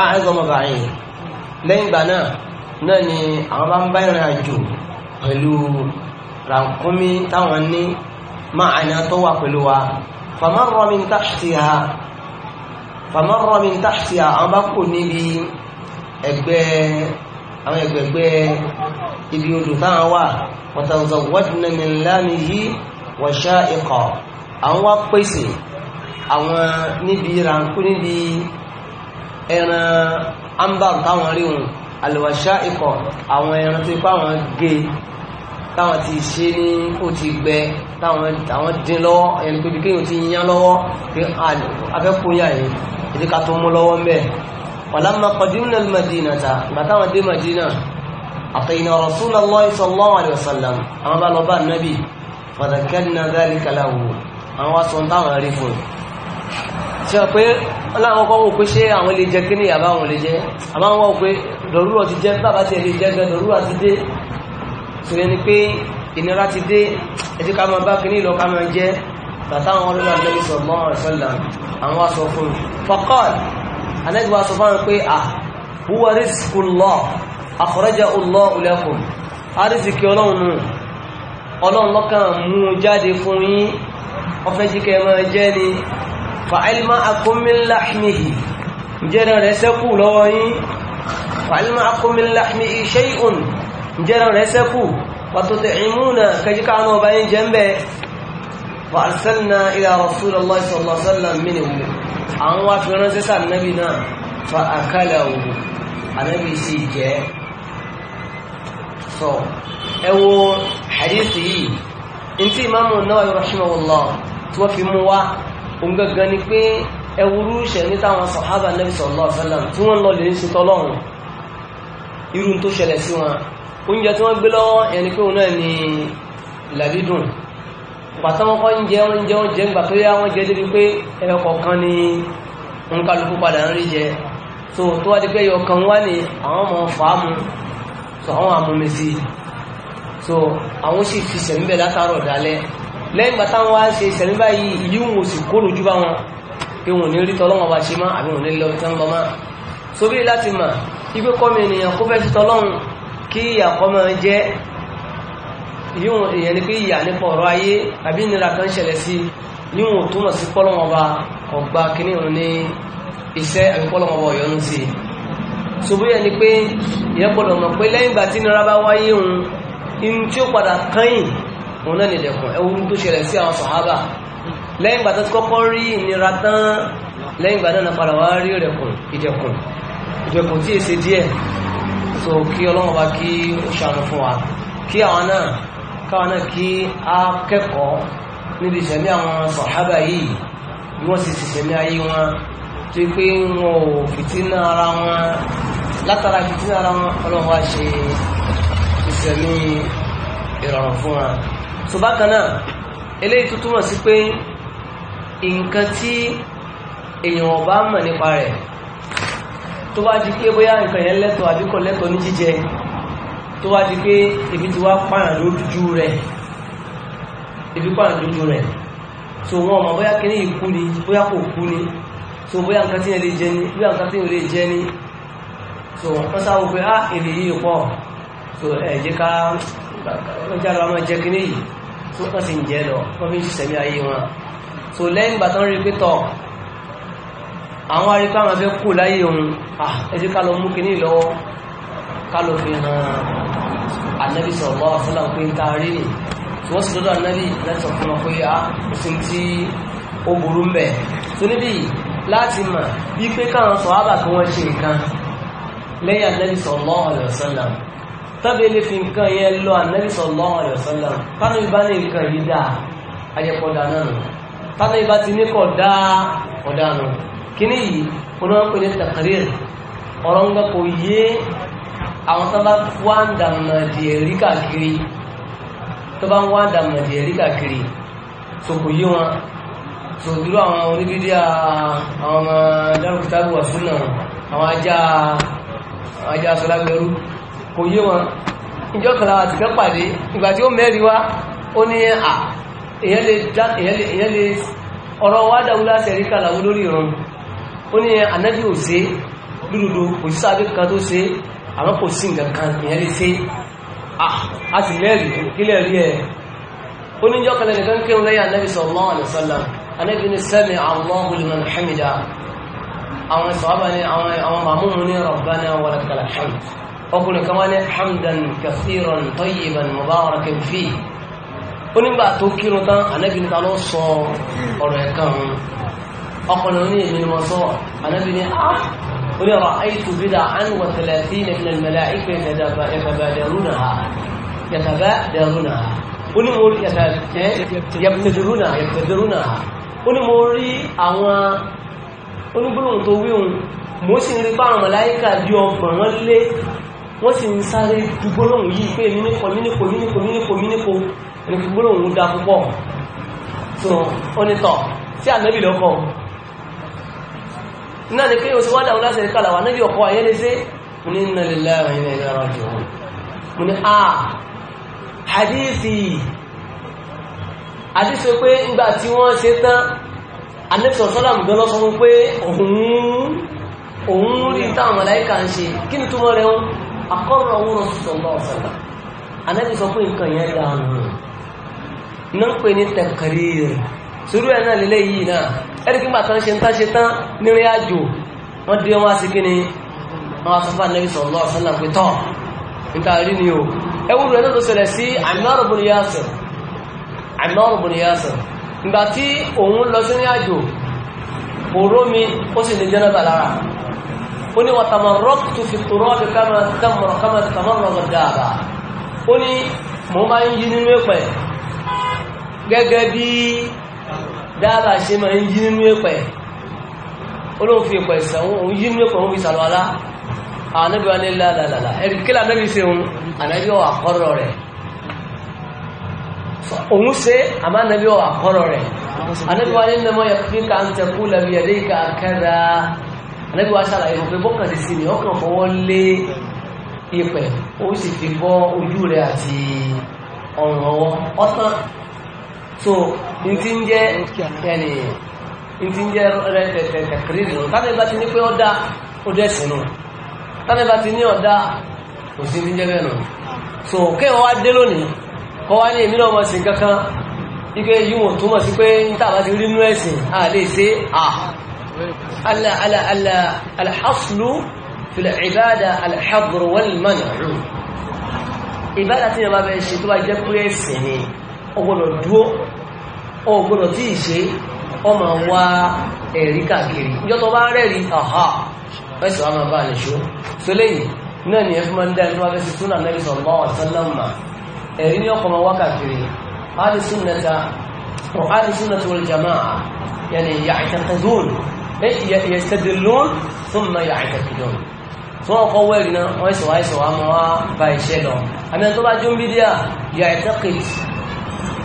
àìzọmọbàáyé lẹ́yìn ìgbà náà náà ni àwọn bá ń bá ìrìn àjò pẹ̀lú ràkúnmí táwọn ní máàna tó wà pẹ̀lú wa famarra min tahtiha famarra min tahtiha àwọn bá kò níbi ẹgbẹ́ àwọn ẹgbẹ̀gbẹ́ ibi odò táwọn wà wọ́tàwọ́tà wọ́dínàmì láàmì yìí wọ̀ṣá ikọ̀ àwọn wá pèsè àwọn níbi ránkú níbi ẹran ambar táwọn rí wọn alìwọ̀ṣá ikọ̀ àwọn ẹran tó ipá wọn gé táwọn ti ṣe ní kó ti gbẹ táwọn dín lọ́wọ́ ẹni pé bí kéèyàn ti yán lọ́wọ́ pé abẹ́kúnyà yìí ìdíkà tó mú lọ́wọ́ mẹ́ẹ̀ ولما قدمنا المدينة متى دي مدينة أتينا رسول الله صلى الله عليه وسلم أما بلغ النبي فذكرنا ذلك له أما سنتان عرفه ṣe pé láwọn kan wò pé ṣé àwọn lè jẹ kí ní ìyàbá àwọn lè jẹ àmá wọn wò pé lọ́rúrọ̀ ti jẹ bàbá ti lè jẹ gan lọ́rúrọ̀ ti dé tó yẹ ni pé ìnira ti dé ẹjí anẹ́gbà sọ fáwọn pé à ah, huwa rizqullah akhrajahu Allahu lakum arísìkì ọlọ́run nù ọlọ́run lọ́kàn mú jáde fún yín ọfẹ́ jíkẹ́ máa jẹ́ ni fa'ilma akum min lahmihi jẹ́rẹ̀ rẹ̀ sẹ́kù lọ́wọ́ yín fa'ilma akum min lahmihi shay'un jẹ́rẹ̀ rẹ̀ sẹ́kù àwọn wá fi ránṣẹ́ sí ànábì náà fa àkàlà òwò ànábì sì jẹ́ sọ ẹ wo hadith yìí ntí ìmáàmù Nawawi rahimahullah tí wọ́n fi mú wá òun gangan ni pé ẹwúrú ṣẹ̀ní táwọn sọ̀hábà Nabi sallallahu alaihi wasallam tí wọ́n lọ lè ń ṣetọ́ lọ́rùn irú tó ṣẹlẹ̀ sí wọn oúnjẹ tí wọ́n gbé lọ́wọ́ ẹni pé òun náà ni làbídùn pàtàwọn kọ́ ń jẹ oúnjẹ oúnjẹ ń gbà tó yá wọ́n jẹ débi pé ẹyọ kọ̀ọ̀kan ni ń kálukú padà ń rí jẹ tó tó wá di pé ẹyọ kan wá ní àwọn ọmọ fàámu tó àwọn àmúmi sí i tó àwọn sì fi sẹ̀mí bẹ̀ látàárọ̀ dalẹ̀ lẹ́yìn ìgbà táwọn wá ṣe sẹ̀mí báyìí ìlú wọn ò sì kó lójú bá wọn pé wọn ò ní rí tọ́lọ́wọ́n bá ṣe má àbí wọn ní lọ tán lọ má sóbí láti mà ipe kọ́mi ènìyàn kó fẹ́ yíò èèyàn ni pé ìyà nípa ọ̀rọ̀ ayé àbí ìnira kan ṣẹlẹ̀ sí níwò túmọ̀ sí pọ́lọ́mọba ọ̀gbà kìíní ìrún ní iṣẹ́ àbí pọ́lọ́mọba ọ̀yọ́nú sí i ṣubú yẹn ni pé ìyẹn gbọ́dọ̀ mọ̀ pé lẹ́yìn ìgbà tí ìnira bá wáyé òun in tí ó padà kányìn òun náà nìdẹ̀kùn ẹwú tó ṣẹlẹ̀ sí àwọn sàhábà lẹ́yìn ìgbà tó ti kọ́kọ́ rí ìnira tán lẹ́yìn ìgbà náà padà wá rí ìrẹ̀kùn ìdẹ̀kùn ìdẹ̀kùn tí èsè díẹ̀ so kí ọlọ́mọba kí ó ṣàánú fún wa kí àwọn náà kana náà kí á kẹ́kọ̀ọ́ níbi ìṣẹ̀mí àwọn sàhábà yìí bí wọ́n sì ti ṣẹ̀mí ayé wọn tó yí pé wọn ò fìtínà ara wọn látara fìtínà ara wọn ọlọ́run wá ṣe ìṣẹ̀mí ìrọ̀rùn fún wa. tó bákan náà eléyìí tó túmọ̀ sí pé nǹkan tí èèyàn ọba mọ̀ nípa rẹ̀ tó bá di pé bóyá nǹkan yẹn lẹ́tọ̀ọ́ àbí lẹ́tọ̀ọ́ ní jíjẹ tó wá di pé ebi ti wá pààyàn lójú rẹ̀ ebi pààyàn lójú rẹ̀ so wọn ọmọ bóyá kí ní ikú ni bóyá kò kú ni so bóyá nǹkan tí yẹn lè jẹ ni bóyá nǹkan tí yẹn lè jẹ ni so wọ́n sáwọ́ pé ah èrè yìí pọ̀ so ẹ̀ jẹ́ ká ọjà lọ máa jẹ kíní yìí so wọ́n sì ń jẹ lọ wọ́n fi ń ṣiṣẹ́mí ayé wọn so lẹ́yìn ìgbà tó ń rí pé tọ̀ àwọn arípa àwọn afẹ́ kù láyé òun ah ẹ jẹ́ ká lọ mú kíní lọ́wọ́ ká lọ fi hàn ànábì sọ̀rọ̀ bá fún náà pé ta rí ni tí wọ́n sì lọ́dọ̀ ànábì lẹ́tọ̀ fún wọn pé a ah, kò sí tí ó burú ń bẹ̀ tó níbí láti mọ̀ bí pé káwọn sọ ábà kí wọ́n ṣe nǹkan lẹ́yìn ànábì sọ̀rọ̀ ọ̀rọ̀ sọ́lá tọ́bí lè fi nǹkan yẹn lọ ànábì sọ̀rọ̀ ọ̀rọ̀ sọ́lá tánú ibà ní nǹkan yìí dáa ayẹpọ̀dà náà nù tánú ibà ti ní kọ̀ dáa ọ̀dà nù kíní yìí ọ̀rọ̀ ń gbà kò yé àwọn tó bá wá ń dàmà di ẹ̀rí káàkiri tó bá ń wá dàmà di ẹ̀rí káàkiri tó kò yé wọn tó dúró àwọn onídídí àwọn ọmọ dárúkútà wà sínú àwọn ajá ajá sọlágbẹrú kò yé wọn ìjọ kàlà àti kẹ́ pàdé ìgbà tí ó mẹ́rin wá ó ní à èyàn lè ọ̀rọ̀ wá dáwúlá sẹ̀rí kàlà lórí ìrọ̀rùn ó ní ànábì ò sí kò sí sábẹ́ kan tó ṣe é àwọn kò sí nǹkan kan ìyẹn lè ṣe ah, a sì mẹ́rin kílẹ̀ rí ẹ̀ oníjọ́ kan lẹ́nìkan kí n lẹ́yìn anábì sallallahu alaihi wasallam anábì ní sami'a Allahu liman hamida àwọn sọ̀rọ̀bà ní àwọn màmúhù ní rabbana wa lakal hamd ọkùnrin kan wá ní hamdan kathiran tayyiban mubarakan fihi onígbà ọkùnrin ní èmi ni mo sọ ànábì ní á orí ọ̀rọ̀ àìtù bídà ánùwà tẹ̀lẹ̀tì nínú ìmẹ̀lẹ̀ ìpè yàtàbàdẹ̀rúnà ha yàtàbàdẹ̀rúnà ha ó ní mo rí yàtàbàdẹ̀rúnà yàtàbàdẹ̀rúnà ha ó ní mo rí àwọn onígbòròhùn tó wíhun mo sì ń rí báwọn màláíkà bí ọgbọ̀n wọn lé wọ́n sì ń sáré dúgbòròhùn yìí pé míníkò míníkò míníkò míníkò míníkò ní gbòròhùn dá púpọ̀ so ó ní tọ̀ sí ànábì lọ́kọ̀ọ́ náà ni pé o ti wá dáhùn láti ẹ̀ka làwọn anábì ọ̀pọ̀ ayé lè ṣe mo ní inna lillahi wa inna ilaihi raji'un mo ní a hadithi hadithi pé ìgbà tí wọ́n ṣe tán anábì sọ̀rọ̀ sọ́lá mùgbẹ́ lọ́sọ fún pé òun òun rí táwọn màláíkà ń ṣe ẹ̀rìkí gbà tán ṣe ń tánṣe tán nírin àjò wọ́n dé wọ́n sí kíni wọ́n afẹ́fà nẹ́bí sọ̀lọ́ ọ̀sánà pé tọ́ níta rí ni o ẹwú rẹ̀ ló ṣẹlẹ̀ sí Ammar ibn Yasir Ammar ibn Yasir ìgbà tí òun lọ sí ní àjò òró mi ó sì ní jẹ́nàbà lára ó ní wọ́n tamarraqtu fi turabi kama tamarraqa dáàbà ó ní mo gẹ́gẹ́ bíi dáàbà ṣe máa ń yí nínú ẹ̀pẹ̀ olóhùn fi ẹ̀pẹ̀ sẹ́wọ́n òun yí nínú ẹ̀pẹ̀ òun fi sàlọ́ alá ànábi wa ní lálàlà ẹ̀rí kí lànábi ṣe òun ànábi ọ̀ àkọ́rọ̀ rẹ̀ òun ṣe àmọ́ ànábi ọ̀ àkọ́rọ̀ rẹ̀ ànábi wa ní nàmọ́ yẹ kí ká ń tẹ̀kú lẹ́bi ẹ̀dẹ́ ìka kẹ́ra ànábi wa ṣàlàyé fún pé bọ́kàn ti sin ní ọkàn fọwọ́ so n ti ń jẹ́ ẹni n ti ń jẹ́ tẹ̀kìrìrì nù tánà ìbá ti ní pé ọ̀dà ó dẹ̀sìn nù tánà ti ní ọ̀dà kò sí ní jẹ́ so ke wá dé lónìí kọ́ wá ní èmi náà mọ̀ sí kankan ike yíwọ̀n túmọ̀ sí pé ń tàbá ti rí nú ẹ̀sìn a lè ṣe à alhaslu fil ibada alhadru wal man'u ibada tí yẹn bá fẹ́ ṣe tó bá jẹ́ pé ẹ̀sìn ọgbọ́dọ̀ dúó ọgbọ́dọ̀ tí ìṣe ọmọ wa ẹ̀rí kàkiri ìjọ tó bá ń rẹ̀rí àhá ẹ̀sọ̀ àmà bá lè ṣó sọlẹ́yìn náà ni ẹ̀fún máa ń dá ẹni wá fẹ́sí súnà Nabi sallallahu alaihi wasallam ẹ̀rí ní ọkọ̀ máa wá kàkiri ahlu sunnata wa ahlu sunnati wal jama'a yani e, ya'taqidun tí wọ́n kọ́ wẹ́rì náà wọ́n ẹ̀sọ̀ wá ẹ̀sọ̀ wá bá iṣẹ́ lọ àmì ẹni tó bá jó ń bí díà ya'taqid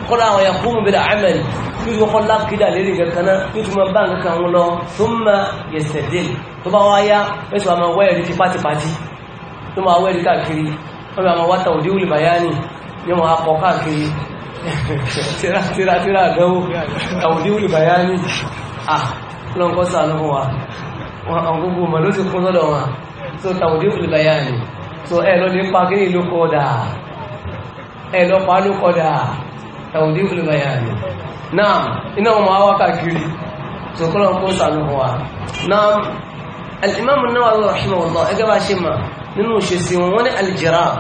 kọ́lá àwọn ya kúrò bẹ̀rẹ̀ àmẹ́rì tó ti kọ́kọ́ lápìdà lérí kankan náà tó ti mọ bá nǹkan wọn lọ tó ń ma yẹsẹ̀ dé tó bá wáyá ẹ̀sùn àmà wẹ́ẹ̀rí ti pátipátí tó máa wẹ́ẹ̀rí káàkiri wọ́n máa wá tàwọn òdí olùbá yá ni ní wọn akọ káàkiri tíra tíra tíra àdánwò tàwọn òdí olùbá yá ni ah lọ́nkọ́ sàánú wa wọn àwọn gbogbo mọ̀ ló ti kún lọ́dọ̀ wọn tó tàwọn òdí olùbá yá ni so ẹ lọ ní pa kí ni ló kọ́ dáa ẹ lọ pa ló kọ́ dáa tàwùdí ìfúnlẹ̀ yàní náà iná wọn máa wá káàkiri tó kọ́ lọ́n kó sànú fún wa náà al-Imam an-Nawawi rahimahullah ẹgbẹ́ bá ṣe mà nínú òṣèṣì wọn wọ́n ní al-jirab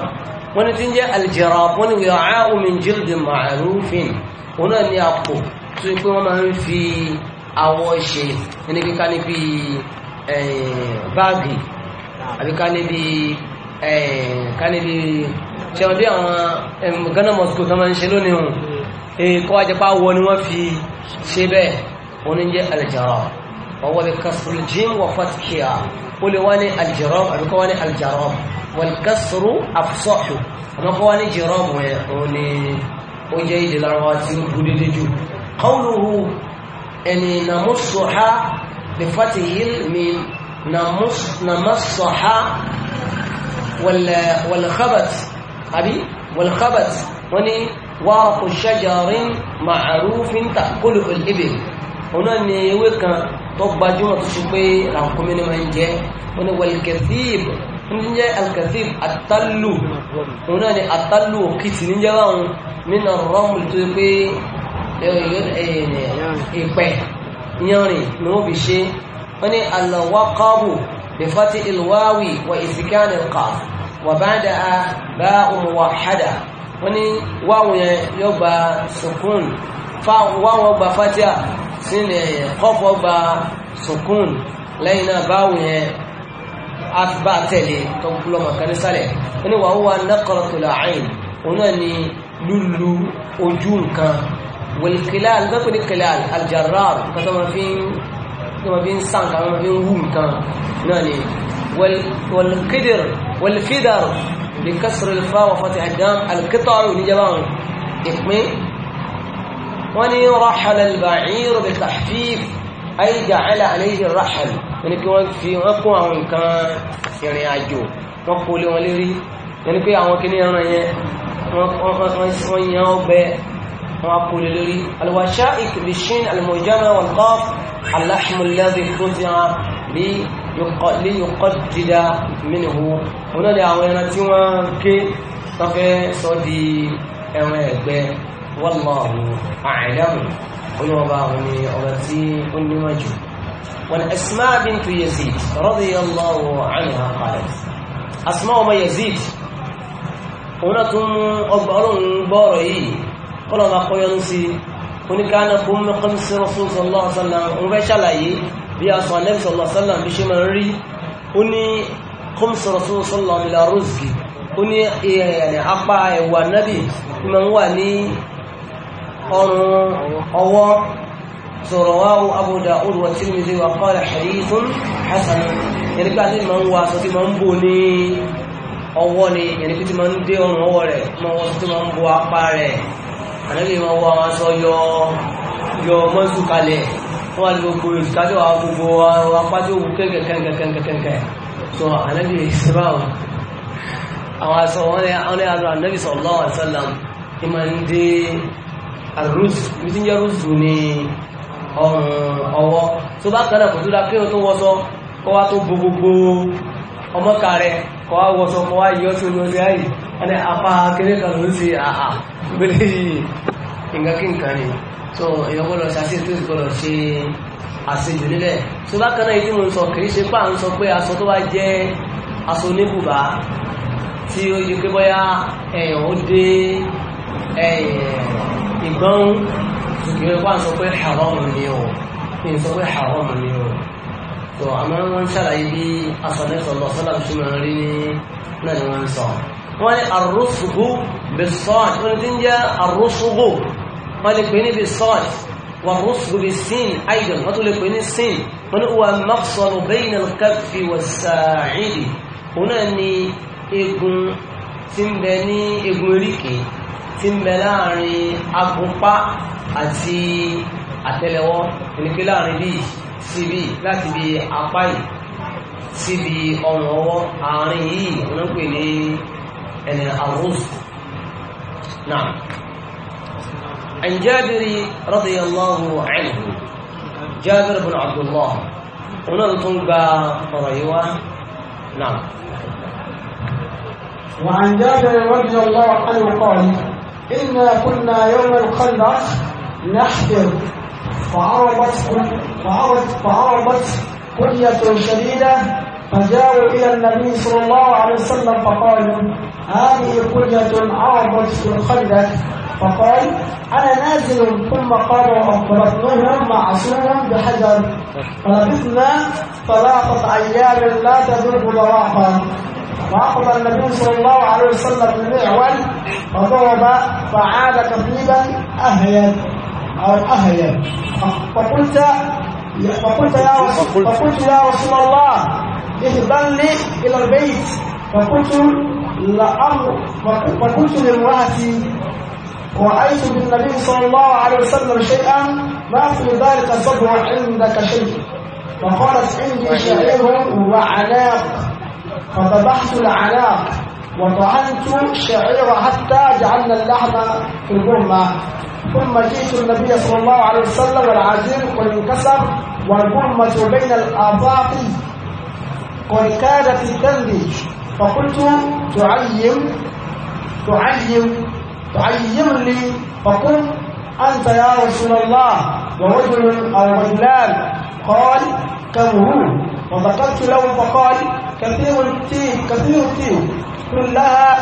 wọ́n ní tí ń jẹ́ al-jirab wọ́n ní wi'a'u min jildin ma'rufin òun náà ní àpò tó yẹ pé wọ́n máa ń fi awọ ṣe ẹni kíkà ní bí báàgì àbí ká ní bí ká ní bí ṣe wọn bí àwọn ghana moscow tó máa ń ṣe lónìí hàn Eh, kọ́ wá jẹpá wọ ni wọ́n fi ṣe bẹ́ẹ̀ wọ́n ní jẹ́ aljarar wọ́n wọ́n lè kasrul jim wa fathiha ó lè wá ní aljarar àbí kọ́ wá ní aljarar wal kasru afsahu àmọ́ kọ́ wá ní jarar wẹ̀ òun ni ó jẹ́ ìdè larawa tí ó bu dédé jù ẹni namusuha bi fatihil min namusuha wal khabat àbí wárọ̀kù ṣẹ́jọrin ma'arufin takulu olíbe ọ̀nà ni ewé kan tó gbajúmọ̀ tó ṣe pé ràkúnmí ni máa ń jẹ́ wọ́n ni wàlkẹ́síb ní jẹ́ alkẹ́síb àtàlù ọ̀nà ni àtàlù òkìtì ní jẹ́ báwọn nínú rọ́mùl tó pé ìpẹ́ yanrìn ni wọ́n fi ṣe wọ́n ni alawakabu bifati ilwawi wa isikani kaf wa bada a ba'un wahada wọ́n ní wáwù yẹn yóò gba sukun wáwù ọgbà fatia sínú ẹ̀yẹ kọ́fù ọgbà sukun lẹ́yìn náà báwù yẹn bá tẹ̀lé tó lọ mọ̀ kan sálẹ̀ wọ́n ní wàhù wa naqratul ayn òun náà ni lulu ojú nǹkan wẹ̀lìkìlá alùpàpọ̀ ní kìlá aljarra kọ́tọ́ ma fi ń tí fi ń sàn kan wọ́n fi ń hù nǹkan náà ni wọ̀lùkídìr wọ̀lùfídàr بكسر الفاء وفتح الدام القطع ونجبان إقمي وني رحل البعير بتحفيف أي جعل عليه الرحل يعني كي في أقوى هم كان يعني أجو وقولي وليري يعني كي أعوى كني أنا وصوين يوبي وأقول لي الوشائك بالشين المجمع والقاف اللحم الذي قطع بالشين liyuqaddida minhu òun náà ni àwọn ẹran tí wọ́n ké wọ́n fẹ́ sọ di ẹran ẹ̀gbẹ́ wallahu a'lam olùwọ́ba àwọn ni ọ̀rọ̀ tí ó níwọ̀n jù wal Asma bintu Yazid radiyallahu anha qalat Asma ọmọ Yazid òun náà tún mú ọgbà ọlọ́run gbọ́ọ̀rọ̀ yìí kọ́lọ̀ máa kọ́yọ́nú sí oníkàánà kó mẹ́kọ́ sí Rasulullah sallallahu alaihi wasallam òun fẹ́ ṣàlàyé bí a sọ anẹ́bí sọ̀lọ̀ sọ́lọ̀ bí ṣe máa ń rí ó ní kọ́mùsọ̀rọ̀ fún sọ́lọ̀ ìlà rúzìkì ó ní apá ẹ̀wà nábì tí máa ń wà ní ọrùn ọwọ́ sọ̀rọ̀ wá Abu Dawud wa Tirmidhi wa qala hadithun hasan yẹni pé àti máa ń wà sọ tí máa ń bò ní ọwọ́ ni yẹni pé tí máa ń dé ọrùn ọwọ́ rẹ̀ máa wọ́n tí máa ń bo apá rẹ̀ ànábì máa wọ àwọn aṣọ yọ yọ mọ́sù wọ́n ní gbogbo ìsìkájọ́ wa gbogbo apájọ́ òun kẹ́kẹ́kẹ́kẹ́kẹ́kẹ́ so ànábì ìṣẹ́bà wọn àwọn aṣọ wọn ni àwọn aṣọ ànábì sallallahu alaihi wasallam ní máa ń dé arúz ní ti ń jẹ́ arúz ní ọrùn ọwọ́ tó bá kan náà kò tó dá pé o tó wọ́sọ kọ́ wá tó bo gbogbo ọmọka rẹ̀ kọ́ wá wọ́sọ kọ́ wá yọ sí olórí ayé ẹni apá kéré kan So, èèyàn gbọ́dọ̀ ṣe àṣejù tó gbọ́dọ̀ ṣe àṣejù nílẹ̀ tó bá kan náà èyí tí mo ń sọ kì í ṣe pà ń sọ pé aṣọ tó bá jẹ́ aṣọ oníbùbá tí ó yẹ pé bóyá ẹ̀yàn ó dé ìgbọ́n ìwé wà ń sọ pé haram ni o ní sọ pé haram ni o tó àmọ́ wọ́n ń ṣàlàyé bí aṣọ nẹ́sọ̀ lọ sọ́lá tó máa rí ní náà ni wọ́n ń sọ wọ́n ní àrùsùgbù bẹ̀sọ́ọ̀n wọ́n ti ń jẹ́ àrùsùgbù wọ́n lè pè ní bí sọ́ọ̀t wà rúṣù bí sin aidan wọ́n tún lè pè ní sin wọ́n ní wà maqsadu bayna al-kaffi was-sa'idi òun náà ni egun tí ń bẹ ní egun eríkè tí ń bẹ láàrin agunpá àti àtẹ́lẹwọ́ ìnípé láàrin bí síbí láti bí apá yìí síbi ọrùn عن جابر رضي الله عنه جابر بن عبد الله وننطل بريوة نعم وعن جابر رضي الله عنه قال إنا كنا يوم الخندق نحفر فعرضت فعرضت فعرضت كلية شديدة فجاءوا إلى النبي صلى الله عليه وسلم فقالوا هذه كلية عرضت في الخندق فقال أنا نازل ثم قاموا أنقذتهم معصوما بحجر فلبثنا ثلاثة أيام لا تدرك ضواحا فاقبل النبي صلى الله عليه وسلم المعول فضرب فعاد كثيبا اهيا أو اهيا فقلت فقلت يا رسول فقلت يا رسول الله اهبلني إلى البيت فقلت لأمر فقلت لامرأتي رأيت بالنبي صلى الله عليه وسلم شيئا ما في ذلك صبر عندك شيء فقالت عندي شعير وعناق فذبحت العناق وطعنت شعير حتى جعلنا اللحم في البرمة ثم جئت النبي صلى الله عليه وسلم والعزيم قد انكسر والبرمة بين الآفاق قد كادت تنبج فقلت تعيم تعيم عير لي فقل أنت يا رسول الله ورجل أو رجلان قال كم هو وذكرت له فقال كثير التيه كثير التيه كلها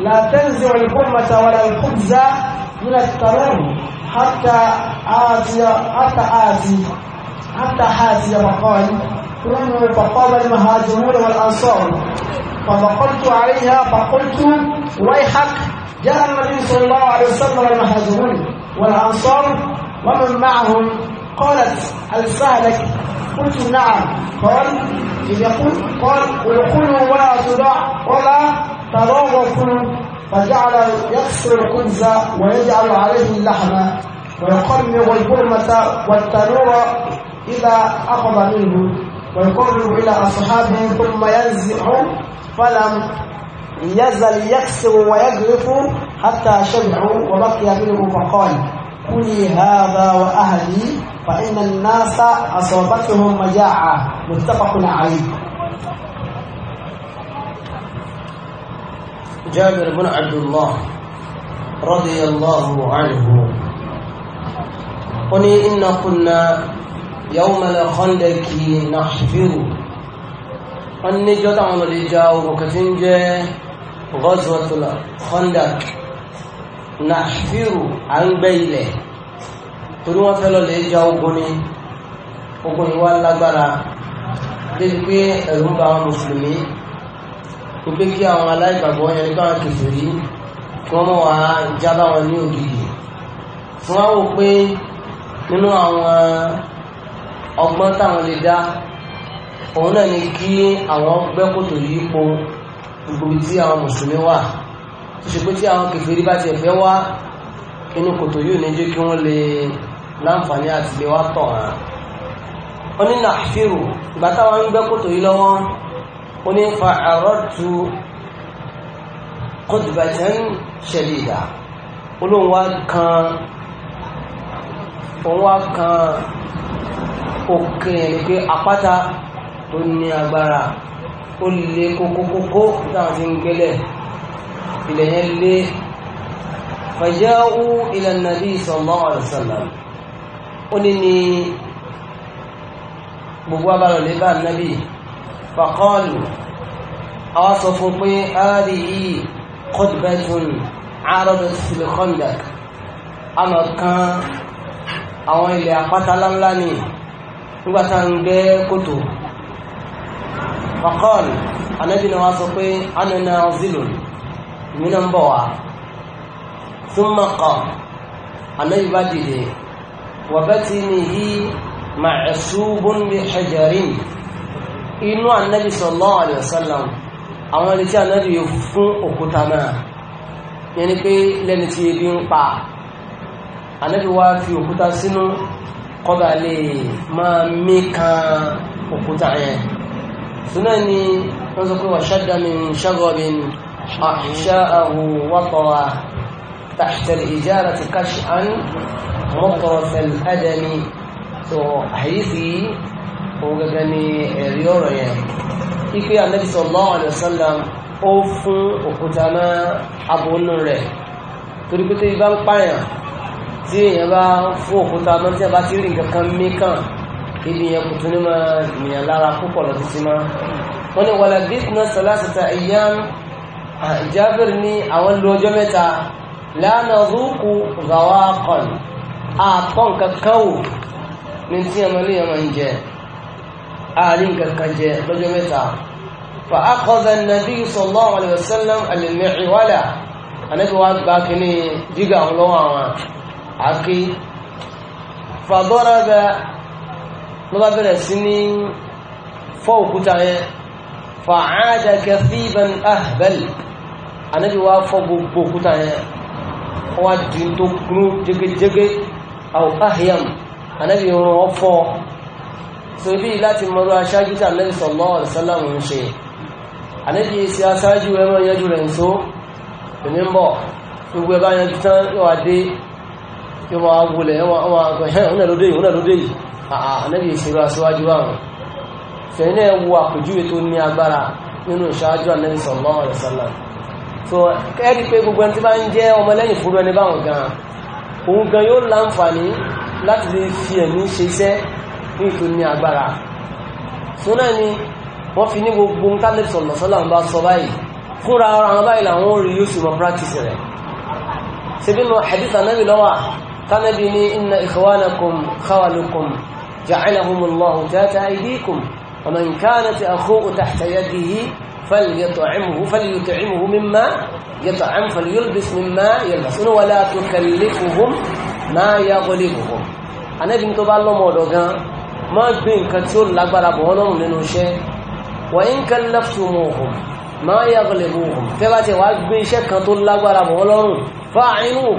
لا تنزع القمة ولا الخبز من الترم حتى آتي حتى آتي حتى حاتي فقال كلوا فقال المهاجرون والأنصار فنقلت عليها فقلت ويحك جاء النبي صلى الله عليه وسلم المهاجرون والأنصار ومن معهم قالت هل سهلك قلت نعم قال إذ يقول قال ادخلوا ولا تدع ولا تراوغوا فجعل يكسر الخبز ويجعل عليه اللحم ويقمر البرمة والتنور إذا أخذ منه ويقرب إلى أصحابه ثم ينزع فلم ليزل يكسر ويجرف حتى شبعوا وبقي منه فقال كلي هذا وأهلي فإن الناس أصابتهم مجاعة متفق عليه جابر بن عبد الله رضي الله عنه قني إن كنا يوم الخندق نحفر أني جدعنا لجاوبك وكتنجه Ghazwatul Khandaq nàfírù à ń gbẹ́ ilẹ̀ torí wọ́n fẹ́ lọ lè ja ogun ni ogun yìí wá lágbára débi pé ẹ̀rù ń ba àwọn mùsùlùmí kò pé kí àwọn aláìgbàgbọ́ yẹn nípa àwọn kèfèrí kí wọ́n mọ̀ wá jábá wọn ní gbogbo tí àwọn mùsùlùmí wà tó ṣe pé tí àwọn kèfèrí bá ti ẹ̀fẹ́ wá inú kòtò yóò ní jẹ́ kí wọ́n lè láǹfààní àti lè wá tọ̀ hàn ó ní nàfírù ìgbà táwọn ń gbẹ́ kòtò yìí lọ́wọ́ ó ní fa àrọ́tù kọ́dùbàjẹ́ ń ṣẹlẹ̀ ìdá olóhùn wá kan òun wá kan òkè ẹni pé àpáta tó ní agbára ó lé kókókókó táwọn ti ń gbélẹ̀ ilẹ̀ yẹn lé fàjáwú ila nabi sallallahu alaihi wasallam ó ní ní gbogbo abàrò lè bá nàbí faqalu àwọn sọ fún pé ààrìí khutbatun àárọ̀dọ̀ sílẹ̀ àmọ̀ kan àwọn ilẹ̀ àpáta láńlá ni nígbàtà ń gbẹ́ kòtò faqal anábì náà wá sọ pé anana zilun èmi náà ń bọ̀ wá thumma qam anábì bá dìde wa batnihi ma'subun bi hajarin inú anábì sallallahu alayhi wa sallam àwọn ẹni tí anábì fún òkúta náà yẹn ni súnà ni wọ́n sọ pé wà ṣáàdàmì ṣàgọ́bì àṣàhù wàtọ̀wà tàṣtẹ̀lì ìjára ti káṣí án mọ́kọ̀ọ̀fẹ̀l ẹ̀dẹ̀ni tó àyíṣì òun gẹ́gẹ́ ni ẹ̀rí ọ̀rọ̀ yẹn ipe anabi sallallahu alaihi wasallam ó fún òkúta náà abónú rẹ̀ torí pé tó ibi yẹn kùtù ní máa nìyàn lára púpọ̀ lọ títí máa wọ́n ní wàlá bísínà sàlásìta ìyán Jabir ní àwọn lu ọjọ́ mẹ́ta lánà rúkú gàwá kan àpọ̀n kankan wò ní tí ọmọ ilé ọmọ ń jẹ àárín kankan jẹ lọ́jọ́ mẹ́ta fa akọ̀dà nàbí sallallahu alaihi wasallam alìmẹ̀ẹ́wàlà anábí wa gba kìíní jígà ọlọ́wọ́ àwọn àkí fa daraba ló bá bẹ̀rẹ̀ sí ní fọ́ òkúta yẹn fa'ada kathiban ahbal anábì wá fọ́ gbogbo òkúta yẹn wá di tó kúrú jégéjégé àwọn ahyam anábì rán ọ fọ́ so ibi láti mọ̀rọ̀ aṣáájú tí anábì sallallahu alaihi wasallam ń ṣe anábì sí aṣáájú ẹran yanjú rẹ̀ ń so òní ń bọ̀ gbogbo ẹ ànábì ìṣòro aṣíwájú àwọn fẹ̀yìn náà wo àpèjúwe tó ní agbára nínú ìṣáájú ànábì sallallahu alaihi wasallam so kẹ́ẹ̀rí pé gbogbo ẹni tí bá ń jẹ́ ọmọlẹ́yìn fúru ẹni báwọn gan òun gan yóò láǹfààní láti lè fi ẹ̀mí sallallahu alaihi wasallam bá sọ báyìí fúnra ara àwọn báyìí làwọn ò rí yóò sì mọ practice rẹ̀ tánàbí ní inna ikhwanakum khawalukum ja'alahumullahu tata aydikum wa man kanat akhuhu tahta yadihi falyut'imhu falyut'imhu mimma yat'am falyulbis mimma yalbas wa la tukallifuhum ma yaghlibuhum anabi tó bá lọ́mọ ọ̀dọ̀ gan má gbé nǹkan tí ó lágbára bọ̀ wọ́n lọ́rùn wa in kallaftumuhum ma yaghlibuhum tẹ́ bá ti wá gbé iṣẹ́ kan tó lágbára bọ̀ wọ́n fa'inuhum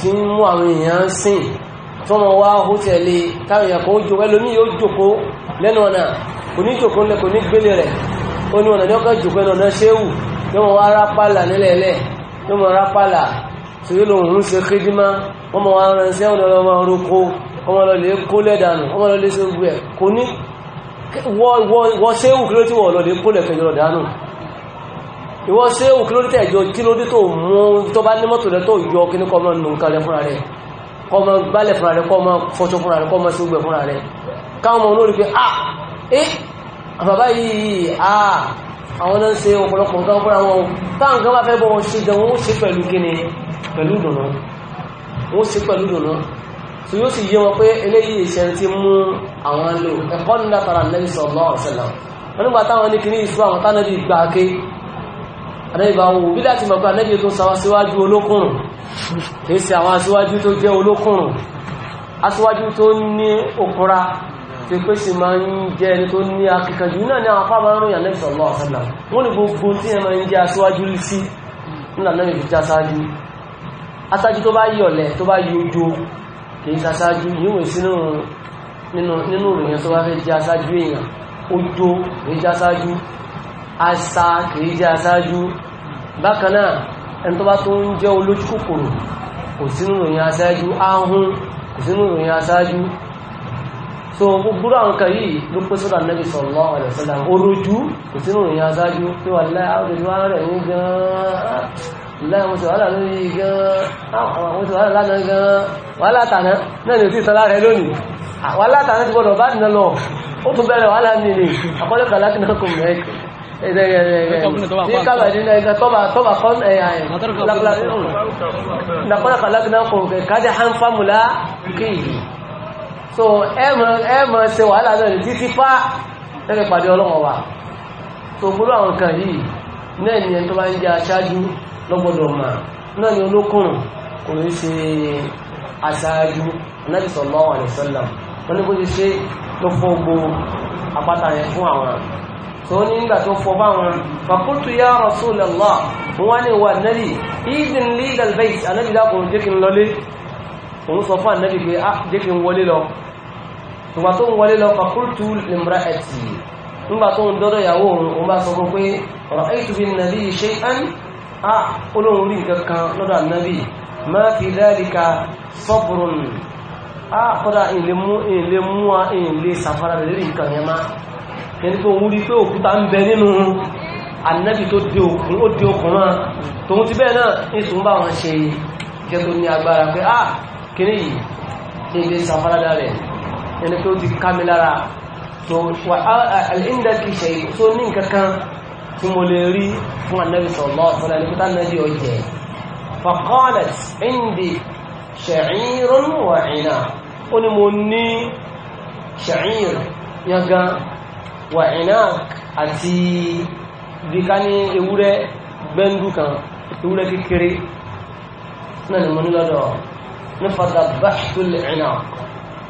tí ń mú àwọn èèyàn sìn tó mọ̀ wá ó tẹ̀lé táwọn èèyàn kan ó jòkó ẹlòmí yóò jòkó lẹ́nu ọ̀nà kò ní jòkó lẹ́ kò ní gbélé rẹ̀ ó ní ọ̀nà ní ọkọ̀ jòkó ẹnu ṣéwù tó mọ̀ wá rápàlà nílẹ̀ẹ́lẹ̀ tó mọ̀ rápàlà tó yóò lòun ṣe kéjìmá wọ́n mọ̀ wá ránṣẹ́ ọ̀nà ọmọ orúkọ ìwọ ṣe òun kí ló dé tẹ̀jọ kí ló dé tó mú tó bá ní mọ́tò rẹ tó yọ kí ní kọ́ mọ́ nù nǹkan rẹ fúnra rẹ kọ́ mọ́ gbálẹ̀ fúnra rẹ kọ́ mọ́ fọṣọ fúnra rẹ kọ́ mọ́ sí gbẹ fúnra rẹ káwọn ọmọ olórí pé a ẹ bàbá yìí a àwọn náà ń ṣe ọ̀pọ̀lọpọ̀ nǹkan fúnra wọn táwọn nǹkan bá fẹ́ bọ́ wọn ṣe gan wọn ṣe pẹ̀lú kíni pẹ̀lú dùnú wọn ṣe pẹ̀lú dùnú tí yóò sì yé wọn pé ní kíní ìṣú àwọn tánàbí gbà ké ànábì bá ń wo bí láti mọ̀ pé ànábì tó sáwọn síwájú olókùnrùn kìí sí àwọn aṣíwájú tó jẹ́ olókùnrùn aṣíwájú tó ní okùnra tí pé sì máa ń jẹ́ ẹni tó ní akíkanjú náà ní àwọn apá máa ń ròyìn ànábì sallallahu alaihi wasallam wọ́n lè gbogbo tí ẹ máa ń jẹ́ aṣíwájú sí nílà náà ìfi já sáájú aṣáájú tó bá yí ọ̀lẹ̀ tó àṣà kìí jẹ́ aṣáájú bákan náà ẹni tó bá tó ń jẹ́ olójú kòkòrò kò sínú ìròyìn aṣáájú ahun kò sínú ìròyìn aṣáájú so gbogbo àwọn kan yìí ló pé sọ́dọ̀ Ànábì sallallahu alaihi wasallam olójú kò sínú ìròyìn aṣáájú pé wà láì àwọn olójú wọn rẹ̀ ń gan-an láì wọn sì wàhálà lórí gan-an àwọn sì wàhálà lánàá gan-an wàhálà tàná náà ni ò sì Eh, so ẹmọ ṣe wàhálà náà ní títí fá lẹ́gbẹ̀ pàdé ọlọ́wọ̀n wà so gbọ́rọ̀ àwọn kan yìí náà ni ẹni tó bá ń jẹ́ aṣáájú lọ́gbọ́dọ̀ ma náà ni olókùnrin kò ní ṣe aṣáájú Ànábì sallallahu alaihi wasallam wọ́n ní bó ṣe ṣe tó fọ́ gbogbo àpáta yẹn fún àwọn tó ní nígbà tó fọ báwọn fàkútù ya Rasulullah wọ́n ní wà nẹ́bì ìdìn legal base anẹ́bì dákùn jẹ́kì lọlé òun sọ fún anẹ́bì pé á ah, jẹ́kì wọlé lọ ìgbà tó ń wọlé lọ fàkútù lèmúra ẹ̀tì nígbà tó ń dọ́dọ̀ ìyàwó òun bá sọ fún pé ọ̀rọ̀ ẹ̀tùbí nàbí shay'an ah, ah, á yẹn tó ń rí pé òkúta ń bẹ nínú ànábì tó di òkun ó di òkun náà tòun ti bẹ́ẹ̀ náà ní sùn bá wọn ṣe kẹ́ tó ní agbára pé ah kiri yìí ní ilé sàfárádà rẹ̀ yẹn tó ti ká mi lára tó wà àlìndà ṣe tó ní nǹkan tí mo lè rí fún ànábì sallallahu alaihi wà ẹ̀nà àti bí ká ní ewúrẹ́ gbẹ́ndú kan ewúrẹ́ kékeré náà ni mo ní lọ́dọ̀ ní fata báṣtò lẹ́ẹ̀nà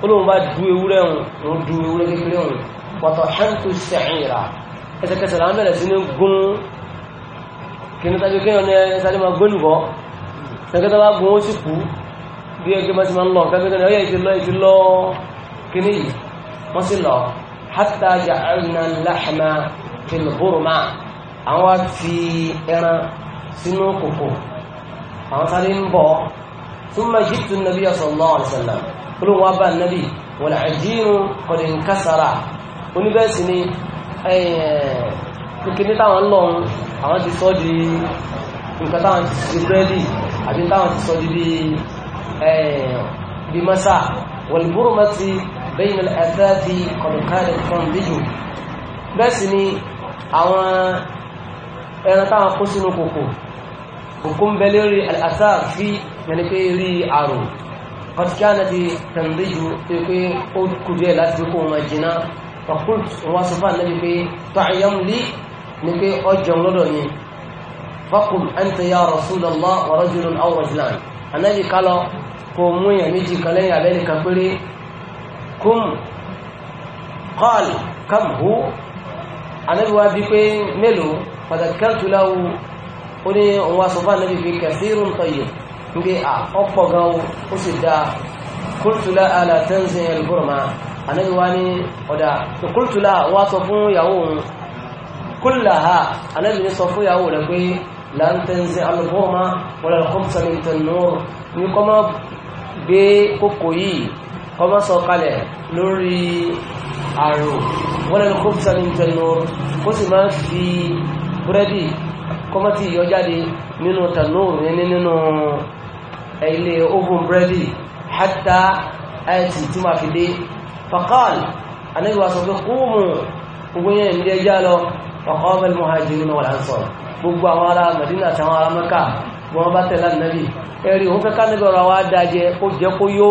olóhùn bá du ewúrẹ́ òun du ewúrẹ́ kékeré òun wàtọ̀ hẹ́ntù sẹ̀yìnra ẹsẹ̀kẹsẹ̀ láwọn bẹ̀rẹ̀ sí ní gún kí ní tàbí kéèyàn ní ẹsẹ̀ máa gbólùbọ́ ẹgbẹ́ tó bá gún ó sì kú bí ẹgbẹ́ bá ti máa ń lọ kẹ́kẹ́ tó ní ọyẹ́ ìtìlọ́ ìtìlọ́ kíní yìí wọ́n sì lọ hátà yàrá láhàmà fìlbùrùmá àwọn wá ti ẹran sínú kòkò àwọn sáré ń bọ̀ túnmọ̀ jìtù nàbí sallallahu alaihi wasallam olóhùn wá bá nàbí wal ajinu qad inkasara oníbẹ̀sì ni kékeré táwọn lọ́run àwọn ti sọ́ di nǹkan táwọn ti ṣe búrẹ́dì àbí táwọn ti sọ́ di bí mọ́sà wal burmati bẹ́yìn ẹ̀fẹ́fì kọ̀dùkárì fún bíjù bẹ́ẹ̀ sì ni àwọn ẹran táwọn kó sínú kòkò kòkó ń bẹ lórí àṣà fi yẹni pé rí àrùn kọtíkánà ti tẹ̀mbíjù pé pé ó kù díẹ̀ láti kó wọn jìnnà ọkùnrin wọn sọ fún ànábi pé tọ́àyàmù lé ni pé ọjọ́ lọ́dọ̀ ni fakùn ẹ̀ǹtẹ̀ ya Rasulullah wa rajulun aw rajulan ànábi kum, kọ́ọ̀lù kamhu, anábì wá bí pé mélòó pàtàkì láwù ó wa òun aṣọ bá anábì pé kẹfìrún tọyẹ nígbé ọ̀pọ̀ gan ó sì dáa kúrtùlá alàtẹ́nsìn ẹlùgbọ́rọ̀má anábì wá ní ọ̀dà kúrtùlá wa sọ fún ìyàwó òun kúlà ha anábì ní sọ fún ìyàwó rẹ̀ pé láńtẹ́nsìn alùgbọ́rọ̀má wọlé kọ́mùsàmìtàn nù ní kọ́mọ́ be kókò yìí kọ́mọ́ sọ̀kalẹ̀ lórí àrò wọ́n lẹ́nu kó fúsà ní ìtẹ̀lẹ̀ ó sì máa ń fi búrẹ́dì kọ́mọ́ tí ìyọ jáde nínú tanúrù ní nínú ilé oven búrẹ́dì hátà àìsí tí máa fi dé fàkàl anábíwá sọ pé kúmù gbogbo yẹn ní ẹjá lọ fàkàl mẹ́lẹ̀ muhajirun wal ansar gbogbo àwọn ará Madina àtàwọn ará Mẹ́kà wọ́n bá tẹ̀lé ànábì ẹ̀rí òun kẹ́kẹ́ ànábì ọ̀rọ̀ wa dájẹ́ ó jẹ́ kó yó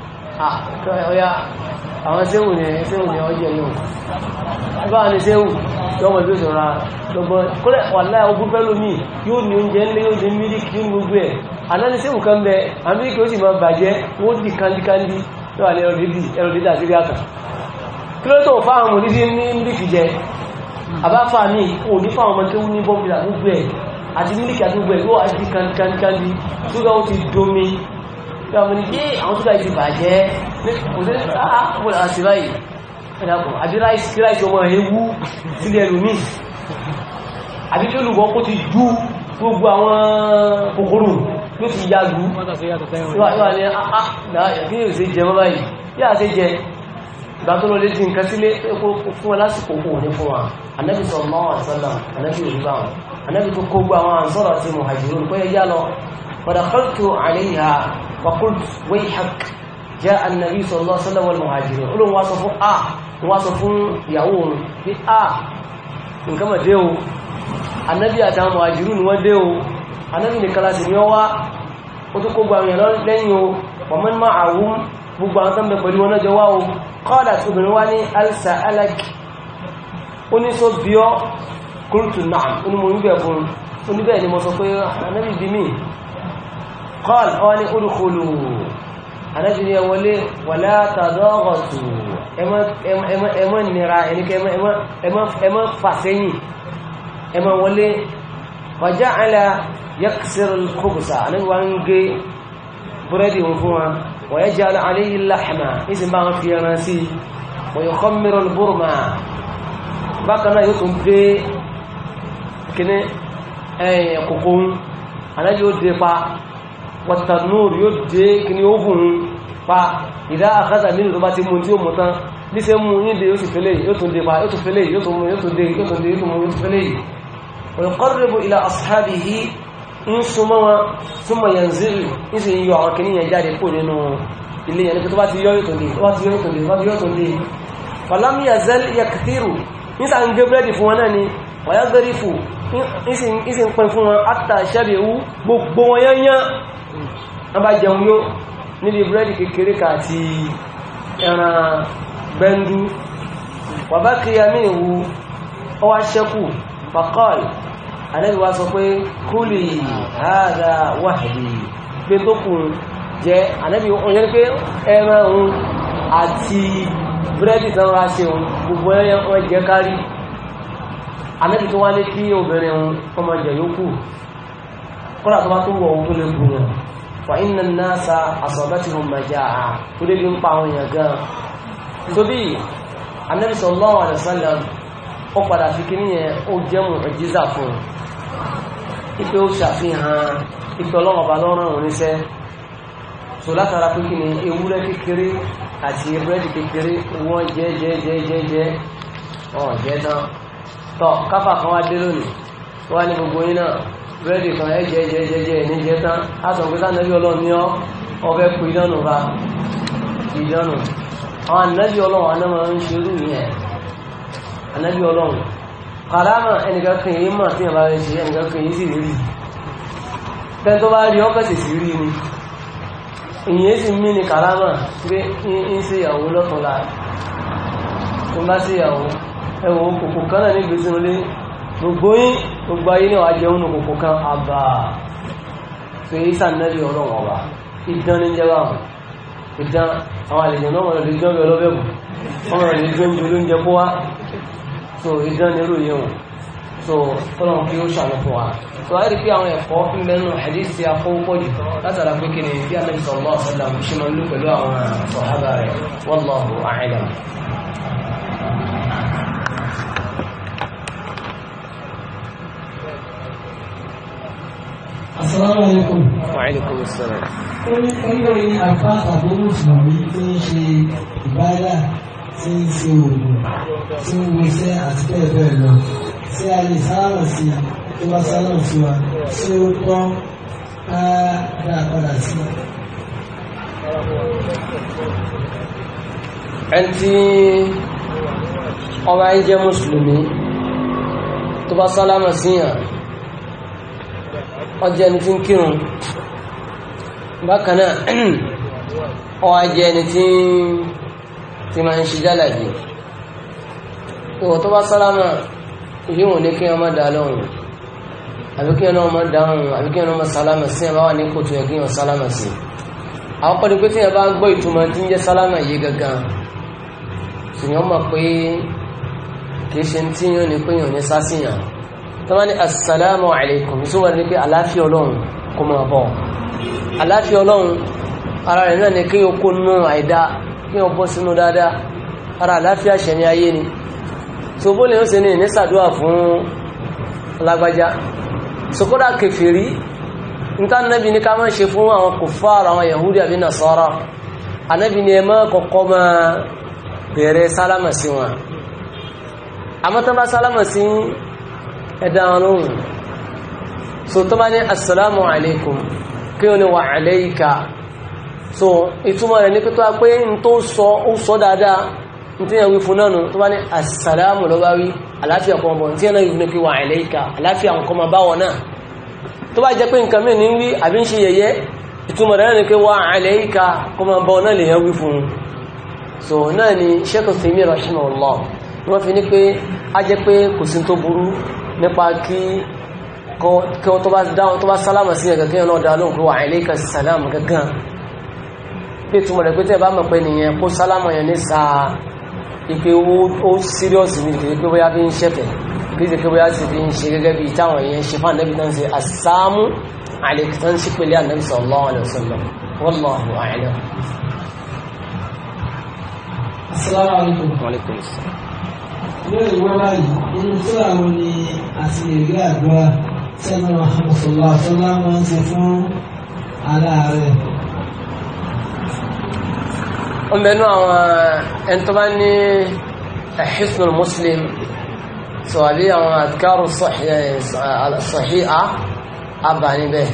ọ̀yá àwọn séwù ni séwù ni ọjọ́ yóò bá ní séwù yọmọ ìlú ìṣòra lọ́gbọ́n kọ́lẹ̀ wàlá ogún pẹ́lú mi yóò ní oúnjẹ ńlẹ̀ yóò ní mílíkì yóò ní gbogbo ẹ̀ aláni séwù kan bẹ amílíkì ó sì máa bàjẹ́ wọ́n di kandikandi tó wà ní ẹrọ dídà sí ríàkà kí ló tó fáwọn òní sí ní mílíkì jẹ àbáfà mi ò ní fáwọn ọmọ tó ní bọ́ọ̀bì àgbègbè àti mílíkì àgbègbè yóò á di kandikandi tó gbà ó ti domi tí wọ́n ní yé àwọn tó láì ti bàjẹ́ kò sẹ́ni sáà kò lè àti báyìí ẹ̀dàkùn àbí ráìsì kí ráìsì ọmọ ewu sílẹ̀ ẹlòmíì àbí kí olùkọ́ kó ti ju gbogbo àwọn kòkòrò ló ti ya lù ah, ah, kí yóò ṣe jẹ bábá yìí yá ṣe jẹ ìgbà tó lọ lé ti nǹkan sílé fún wọn lásìkò kò ní fún wa anábì sọ mọ́ àṣọ́lá anábì òní bá wọn anábì tó فدخلت عليها فقلت ويحك جاء النبي صلى الله عليه وسلم والمهاجرين قلوا واصفوا اه واصفوا يعون في اه من كما ديو النبي اتى المهاجرون وديو النبي نكلاس نيوا وتكو غبا يان لين ومن معهم غبا تن بيبلي ونا جواو قالت ابن واني السالك اني سو بيو قلت نعم اني مو بيقول اني بيني مو سو كو النبي بيمين قال أني أدخلوا أنا جني أولي ولا تضاغطوا إما إما إما إما نرى يعني إما إما إما إما فاسني إما أولي وجعل يكسر الخبز أنا وانجي بريدي وفوا ويجعل عليه اللحم إذا ما في ناسي ويخمر البرما بقنا يكون في كني أي كوكون أنا جو ديبا wàtàtàdùnúrù yóò dé kí ni ó fún un pa ìdá àkádà nínú tó bá ti mú tí ó mú tán níṣẹ́ mú níde yóò sì fẹ́lẹ̀ yóò tún dé pa yóò tún fẹ́lẹ̀ yóò tún mú yóò tún dé yóò tún dé yóò tún mú yóò tún fẹ́lẹ̀ yìí ويقرب إلى أصحابه إن سموا ثم ينزل إذن يوعى كنين يجاري يقول إنه اللي يعني كتبات يوتون لي كتبات يوتون لي كتبات يوتون لي فلم يزل يكثر إذا أن جبرد فواناني ويغرف إذن إذن قنفوا حتى شبهوا بقبوا ينيا wọ́n bá jẹun yó níbi búrẹ́dì kékeré kan àti ẹran bẹ́ndú wàbá kìyàmí ìwú ó wá ṣẹ́kù pàkọ́ọ̀lì Ànábì wa sọ pé kúlì hádà wàhìdì pé tó kù jẹ Ànábì òyìn pé ẹran òun àti búrẹ́dì tán ra ṣe òun gbogbo ẹran jẹ kárí Ànábì tó wá lé kí obìnrin òun ọmọ jẹ yókù kọ́lá tó bá tó wọ̀ ohun tó lè bù yàn wà iná náà sa àsọ̀bẹ́ ti hùn màjá à tó lè fi ń pa àwọn èèyàn gan nítorí Ànábì sallallahu alaihi wasallam ó padà fi kí nìyẹn ó jẹ́ mùjíza fún un ipe ó ṣàfihàn ipe ọlọ́wọ́ bá lọ́rùn oníṣẹ́ so látara pé kí ni ewúrẹ́ kékeré àti búrẹ́dì kékeré wọ́n jẹ́ jẹ́ jẹ́ jẹ́ jẹ́ ọ̀ jẹ́ tán tọ́ káfà kan wá dé lónìí wọ́n á ní gbogbo yín náà búrẹ́dì kan ẹ̀jẹ̀ ẹ̀jẹ̀ ẹ̀jẹ̀ ẹ̀ní jẹ́ tán á sọ pé sánẹ́bí ọlọ́run ní ọ́ ọbẹ̀ kú ìdánù bá ìdánù àwọn ànẹ́bí ọlọ́run anẹ́mọ̀ ń ṣe irú yẹn ànẹ́bí ọlọ́run kàlámà ẹnìkan kan èyí mà sí ìyàbá rẹ̀ ṣe ẹnìkan kan èyí sì rí rí bẹ́ẹ̀ tó bá rí ọ́ fẹ̀sẹ̀ sí rí ni ìyẹn sì mí ni kàlámà pé ń ṣe ìyàwó lọ́tọ̀ọ́lá ń bá ṣe ìyàwó ẹ̀wọ̀n kòkò kan náà ní gbèsè wọlé gbogbo yín gbogbo ayé ní wàá jẹun kòkò kan àbà pé sànẹ́lì ọ̀rọ̀ wọn wà ìdán ní jẹ́ báwọn ìdán àwọn àlejò náà wọn lè dán bẹ lọ́bẹ̀ bù wọn lè dán ju olóúnjẹ kó wá so ìdán ní irú yẹn so fọlọ́n kí ó ṣàánú fún wa so a rí pé àwọn ẹ̀kọ́ ń bẹ nù àdísí afọ́wọ́pọ̀ jù látara pé kí ni bí a mẹ́sàn lọ́ọ̀sọ́dà ṣe máa ń lò pẹ̀lú àwọn sọ̀hábà rẹ̀ wallahu a'lam Assalamu alaikum. Wa alaikum assalam. ó ní oníròyìn apá àbúrò ìsìnàmí tó ń ṣe ìbádà tí ń ṣe oògùn tí ń wọṣẹ́ àti bẹ́ẹ̀ bẹ́ẹ̀ lọ tí a lè sálámà wa ṣé ó tọ́ á dá padà sí. ẹni ọba ń mùsùlùmí tó bá sálámà síyàn ọjẹ́ ẹni tí ń kírun bákan náà ọwọ́ ajẹ́ ẹni tí ti máa ń ṣe jálàjì ìwọ̀ tó bá sálámà ìyíwọ̀n ní kí wọ́n má dá lóhùn àbí kí wọ́n má dáhùn àbí kí wọ́n má sálámà sí ẹ̀ bá wà ní kòtò ẹ̀ kí wọ́n sálámà sí àwọn pẹ̀lú pé tí wọ́n bá gbọ́ ìtumọ̀ tí ń jẹ́ sálámà yìí gangan ṣùgbọ́n mọ̀ pé kì í ṣe tí yóò ní pé yóò ní sásìyàn tọ́wọ́n ni assalamu alaikum tí wọ́n rí pé aláfíà ọlọ́run kó máa bọ̀ aláfíà ọlọ́run ara rẹ̀ náà ni kí o kó nú àìdá kí o bọ́ sínú dáadáa ara aláfíà ṣẹ̀mí ayé ni tí o bó lè ń ṣe ní ìnísàdúrà fún lágbájá sọkọ́dà kẹfìrí níta nẹ́bi ní ká máa ṣe fún àwọn kòfàr àwọn yahudi àbí nasara anẹ́bi ni ẹ máa kọ́kọ́ máa bẹ̀rẹ̀ sálámà sí wọn àmọ́ bá sálámà sí wọn ẹ̀dàrún so tó bá ní assalamu alaikum kí so ituma rẹ̀ ní to pe n to sọ ó n tí yẹn wí fún assalamu ló bá wí aláfíà kan bọ̀ tí yẹn náà yìí ní pé wà aláìka aláfíà nǹkan máa bá wọn náà tó bá jẹ́ pé nǹkan mìíràn ń wí àbí so ni rahimahullah fi ni a nípa kí kọ́ tó bá dáhùn tó bá sálámà sí ẹ̀kẹ́ kéèyàn náà dá lóhùn pé wà àìlẹ́kà sàlámù gángan bí ìtumọ̀ rẹ̀ pé tẹ́ bá mọ̀ pé nìyẹn kó sálámà yẹn ní sáà ipe ó síríọ̀sì ní ìdílé pé bóyá bí ń ṣẹ̀tẹ̀ kí ṣe pé bóyá sì fi ń ṣe gẹ́gẹ́ sallallahu alaihi wasallam wallahu a'lam. Assalamu ìbéèrè wọn báyìí inú tó àwọn ni àti èrè àdúrà sẹ́nu àmọ̀sọ̀lá àtọ́lá máa ń ṣe fún aláàárẹ̀. ó ń bẹnu àwọn ẹni tó àwọn àtikárù sọ̀híà àbà níbẹ̀.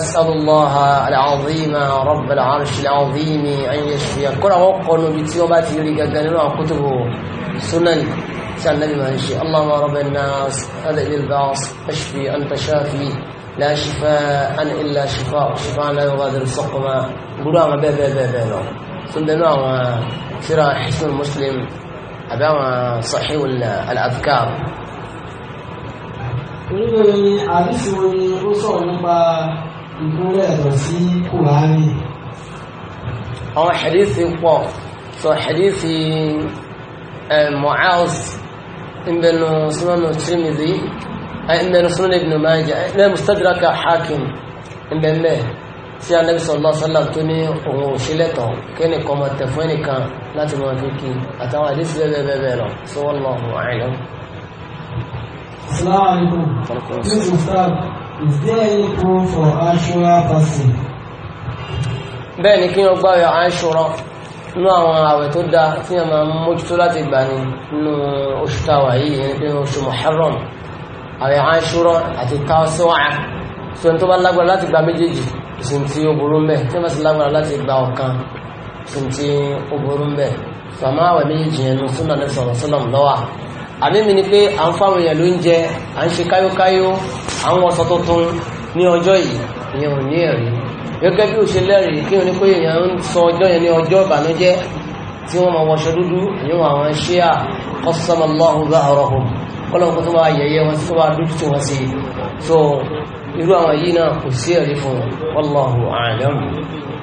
أسأل الله العظيم رب العرش العظيم أن يشفي كل وقت نبتي وباتي لك أن كتبه سنن كان النبي ما يشفي اللهم رب الناس هذا للباص اشفي انت شافي لا شفاء أن إلا شفاء شفاء لا يغادر سقما قولوا ما بي بي بي بي لو سندنا حسن المسلم أبا صحيح الأذكار oníbẹ̀rẹ̀ ni àdísì wo ni ó sọ̀rọ̀ nípa ìpínlẹ̀ ẹ̀tọ́ sí kùránì. àwọn hadisi pọ̀ sọ hadisi معاوس ابن سنن الترمذي ابن سنن ابن ماجه ابن مستدرك حاكم ابن له tí anabi sọlá sọlá tó ní òun ò ṣílẹ̀tọ̀ kẹ́ni kan máa tẹ̀ fún ẹnìkan láti máa fi kí àtàwọn àdéṣe bẹ́ẹ̀ bẹ́ẹ̀ bẹ́ẹ̀ lọ sí wọ́n lọ ọ̀hún àìlọ́. Assalamu alaikum. Please, Ustaz, is there any proof for Ashura fasting? bẹ́ẹ̀ ni kí wọ́n gbáyọ̀ Ashura nínú àwọn àwẹ̀ tó dáa tí a máa mójútó láti gbà ní nínú oṣù táwà yìí ní pé oṣù Muharram àwẹ̀ Ashura àti káwọ́sọ́wà tó ń tó bá lágbára láti gba méjèèjì sí ti ó burú mbẹ̀ tí wọ́n sì lágbára láti gba ọ̀kan sí ti ó burú mbẹ̀ sàmá àwẹ̀ méjèèjì yẹn nu súnà ní sọ̀rọ̀ sọ́nà lọ́wà àmì ni pé à ń fáwọn èèyàn ló ń jẹ à ń ṣe káyókáyó à ń wọṣọ tuntun ní ọjọ́ yìí ìyẹn ò ní ẹ̀rí gẹ́gẹ́ bí ó ṣe lẹ́rìí kí wọ́n ní pé èèyàn ń sọ ọjọ́ yẹn ní ọjọ́ ìbànújẹ́ tí wọ́n máa wọṣọ dúdú ìyún àwọn ṣé à qasamallahu zahrahum kọ́lọ́kọ́ tó máa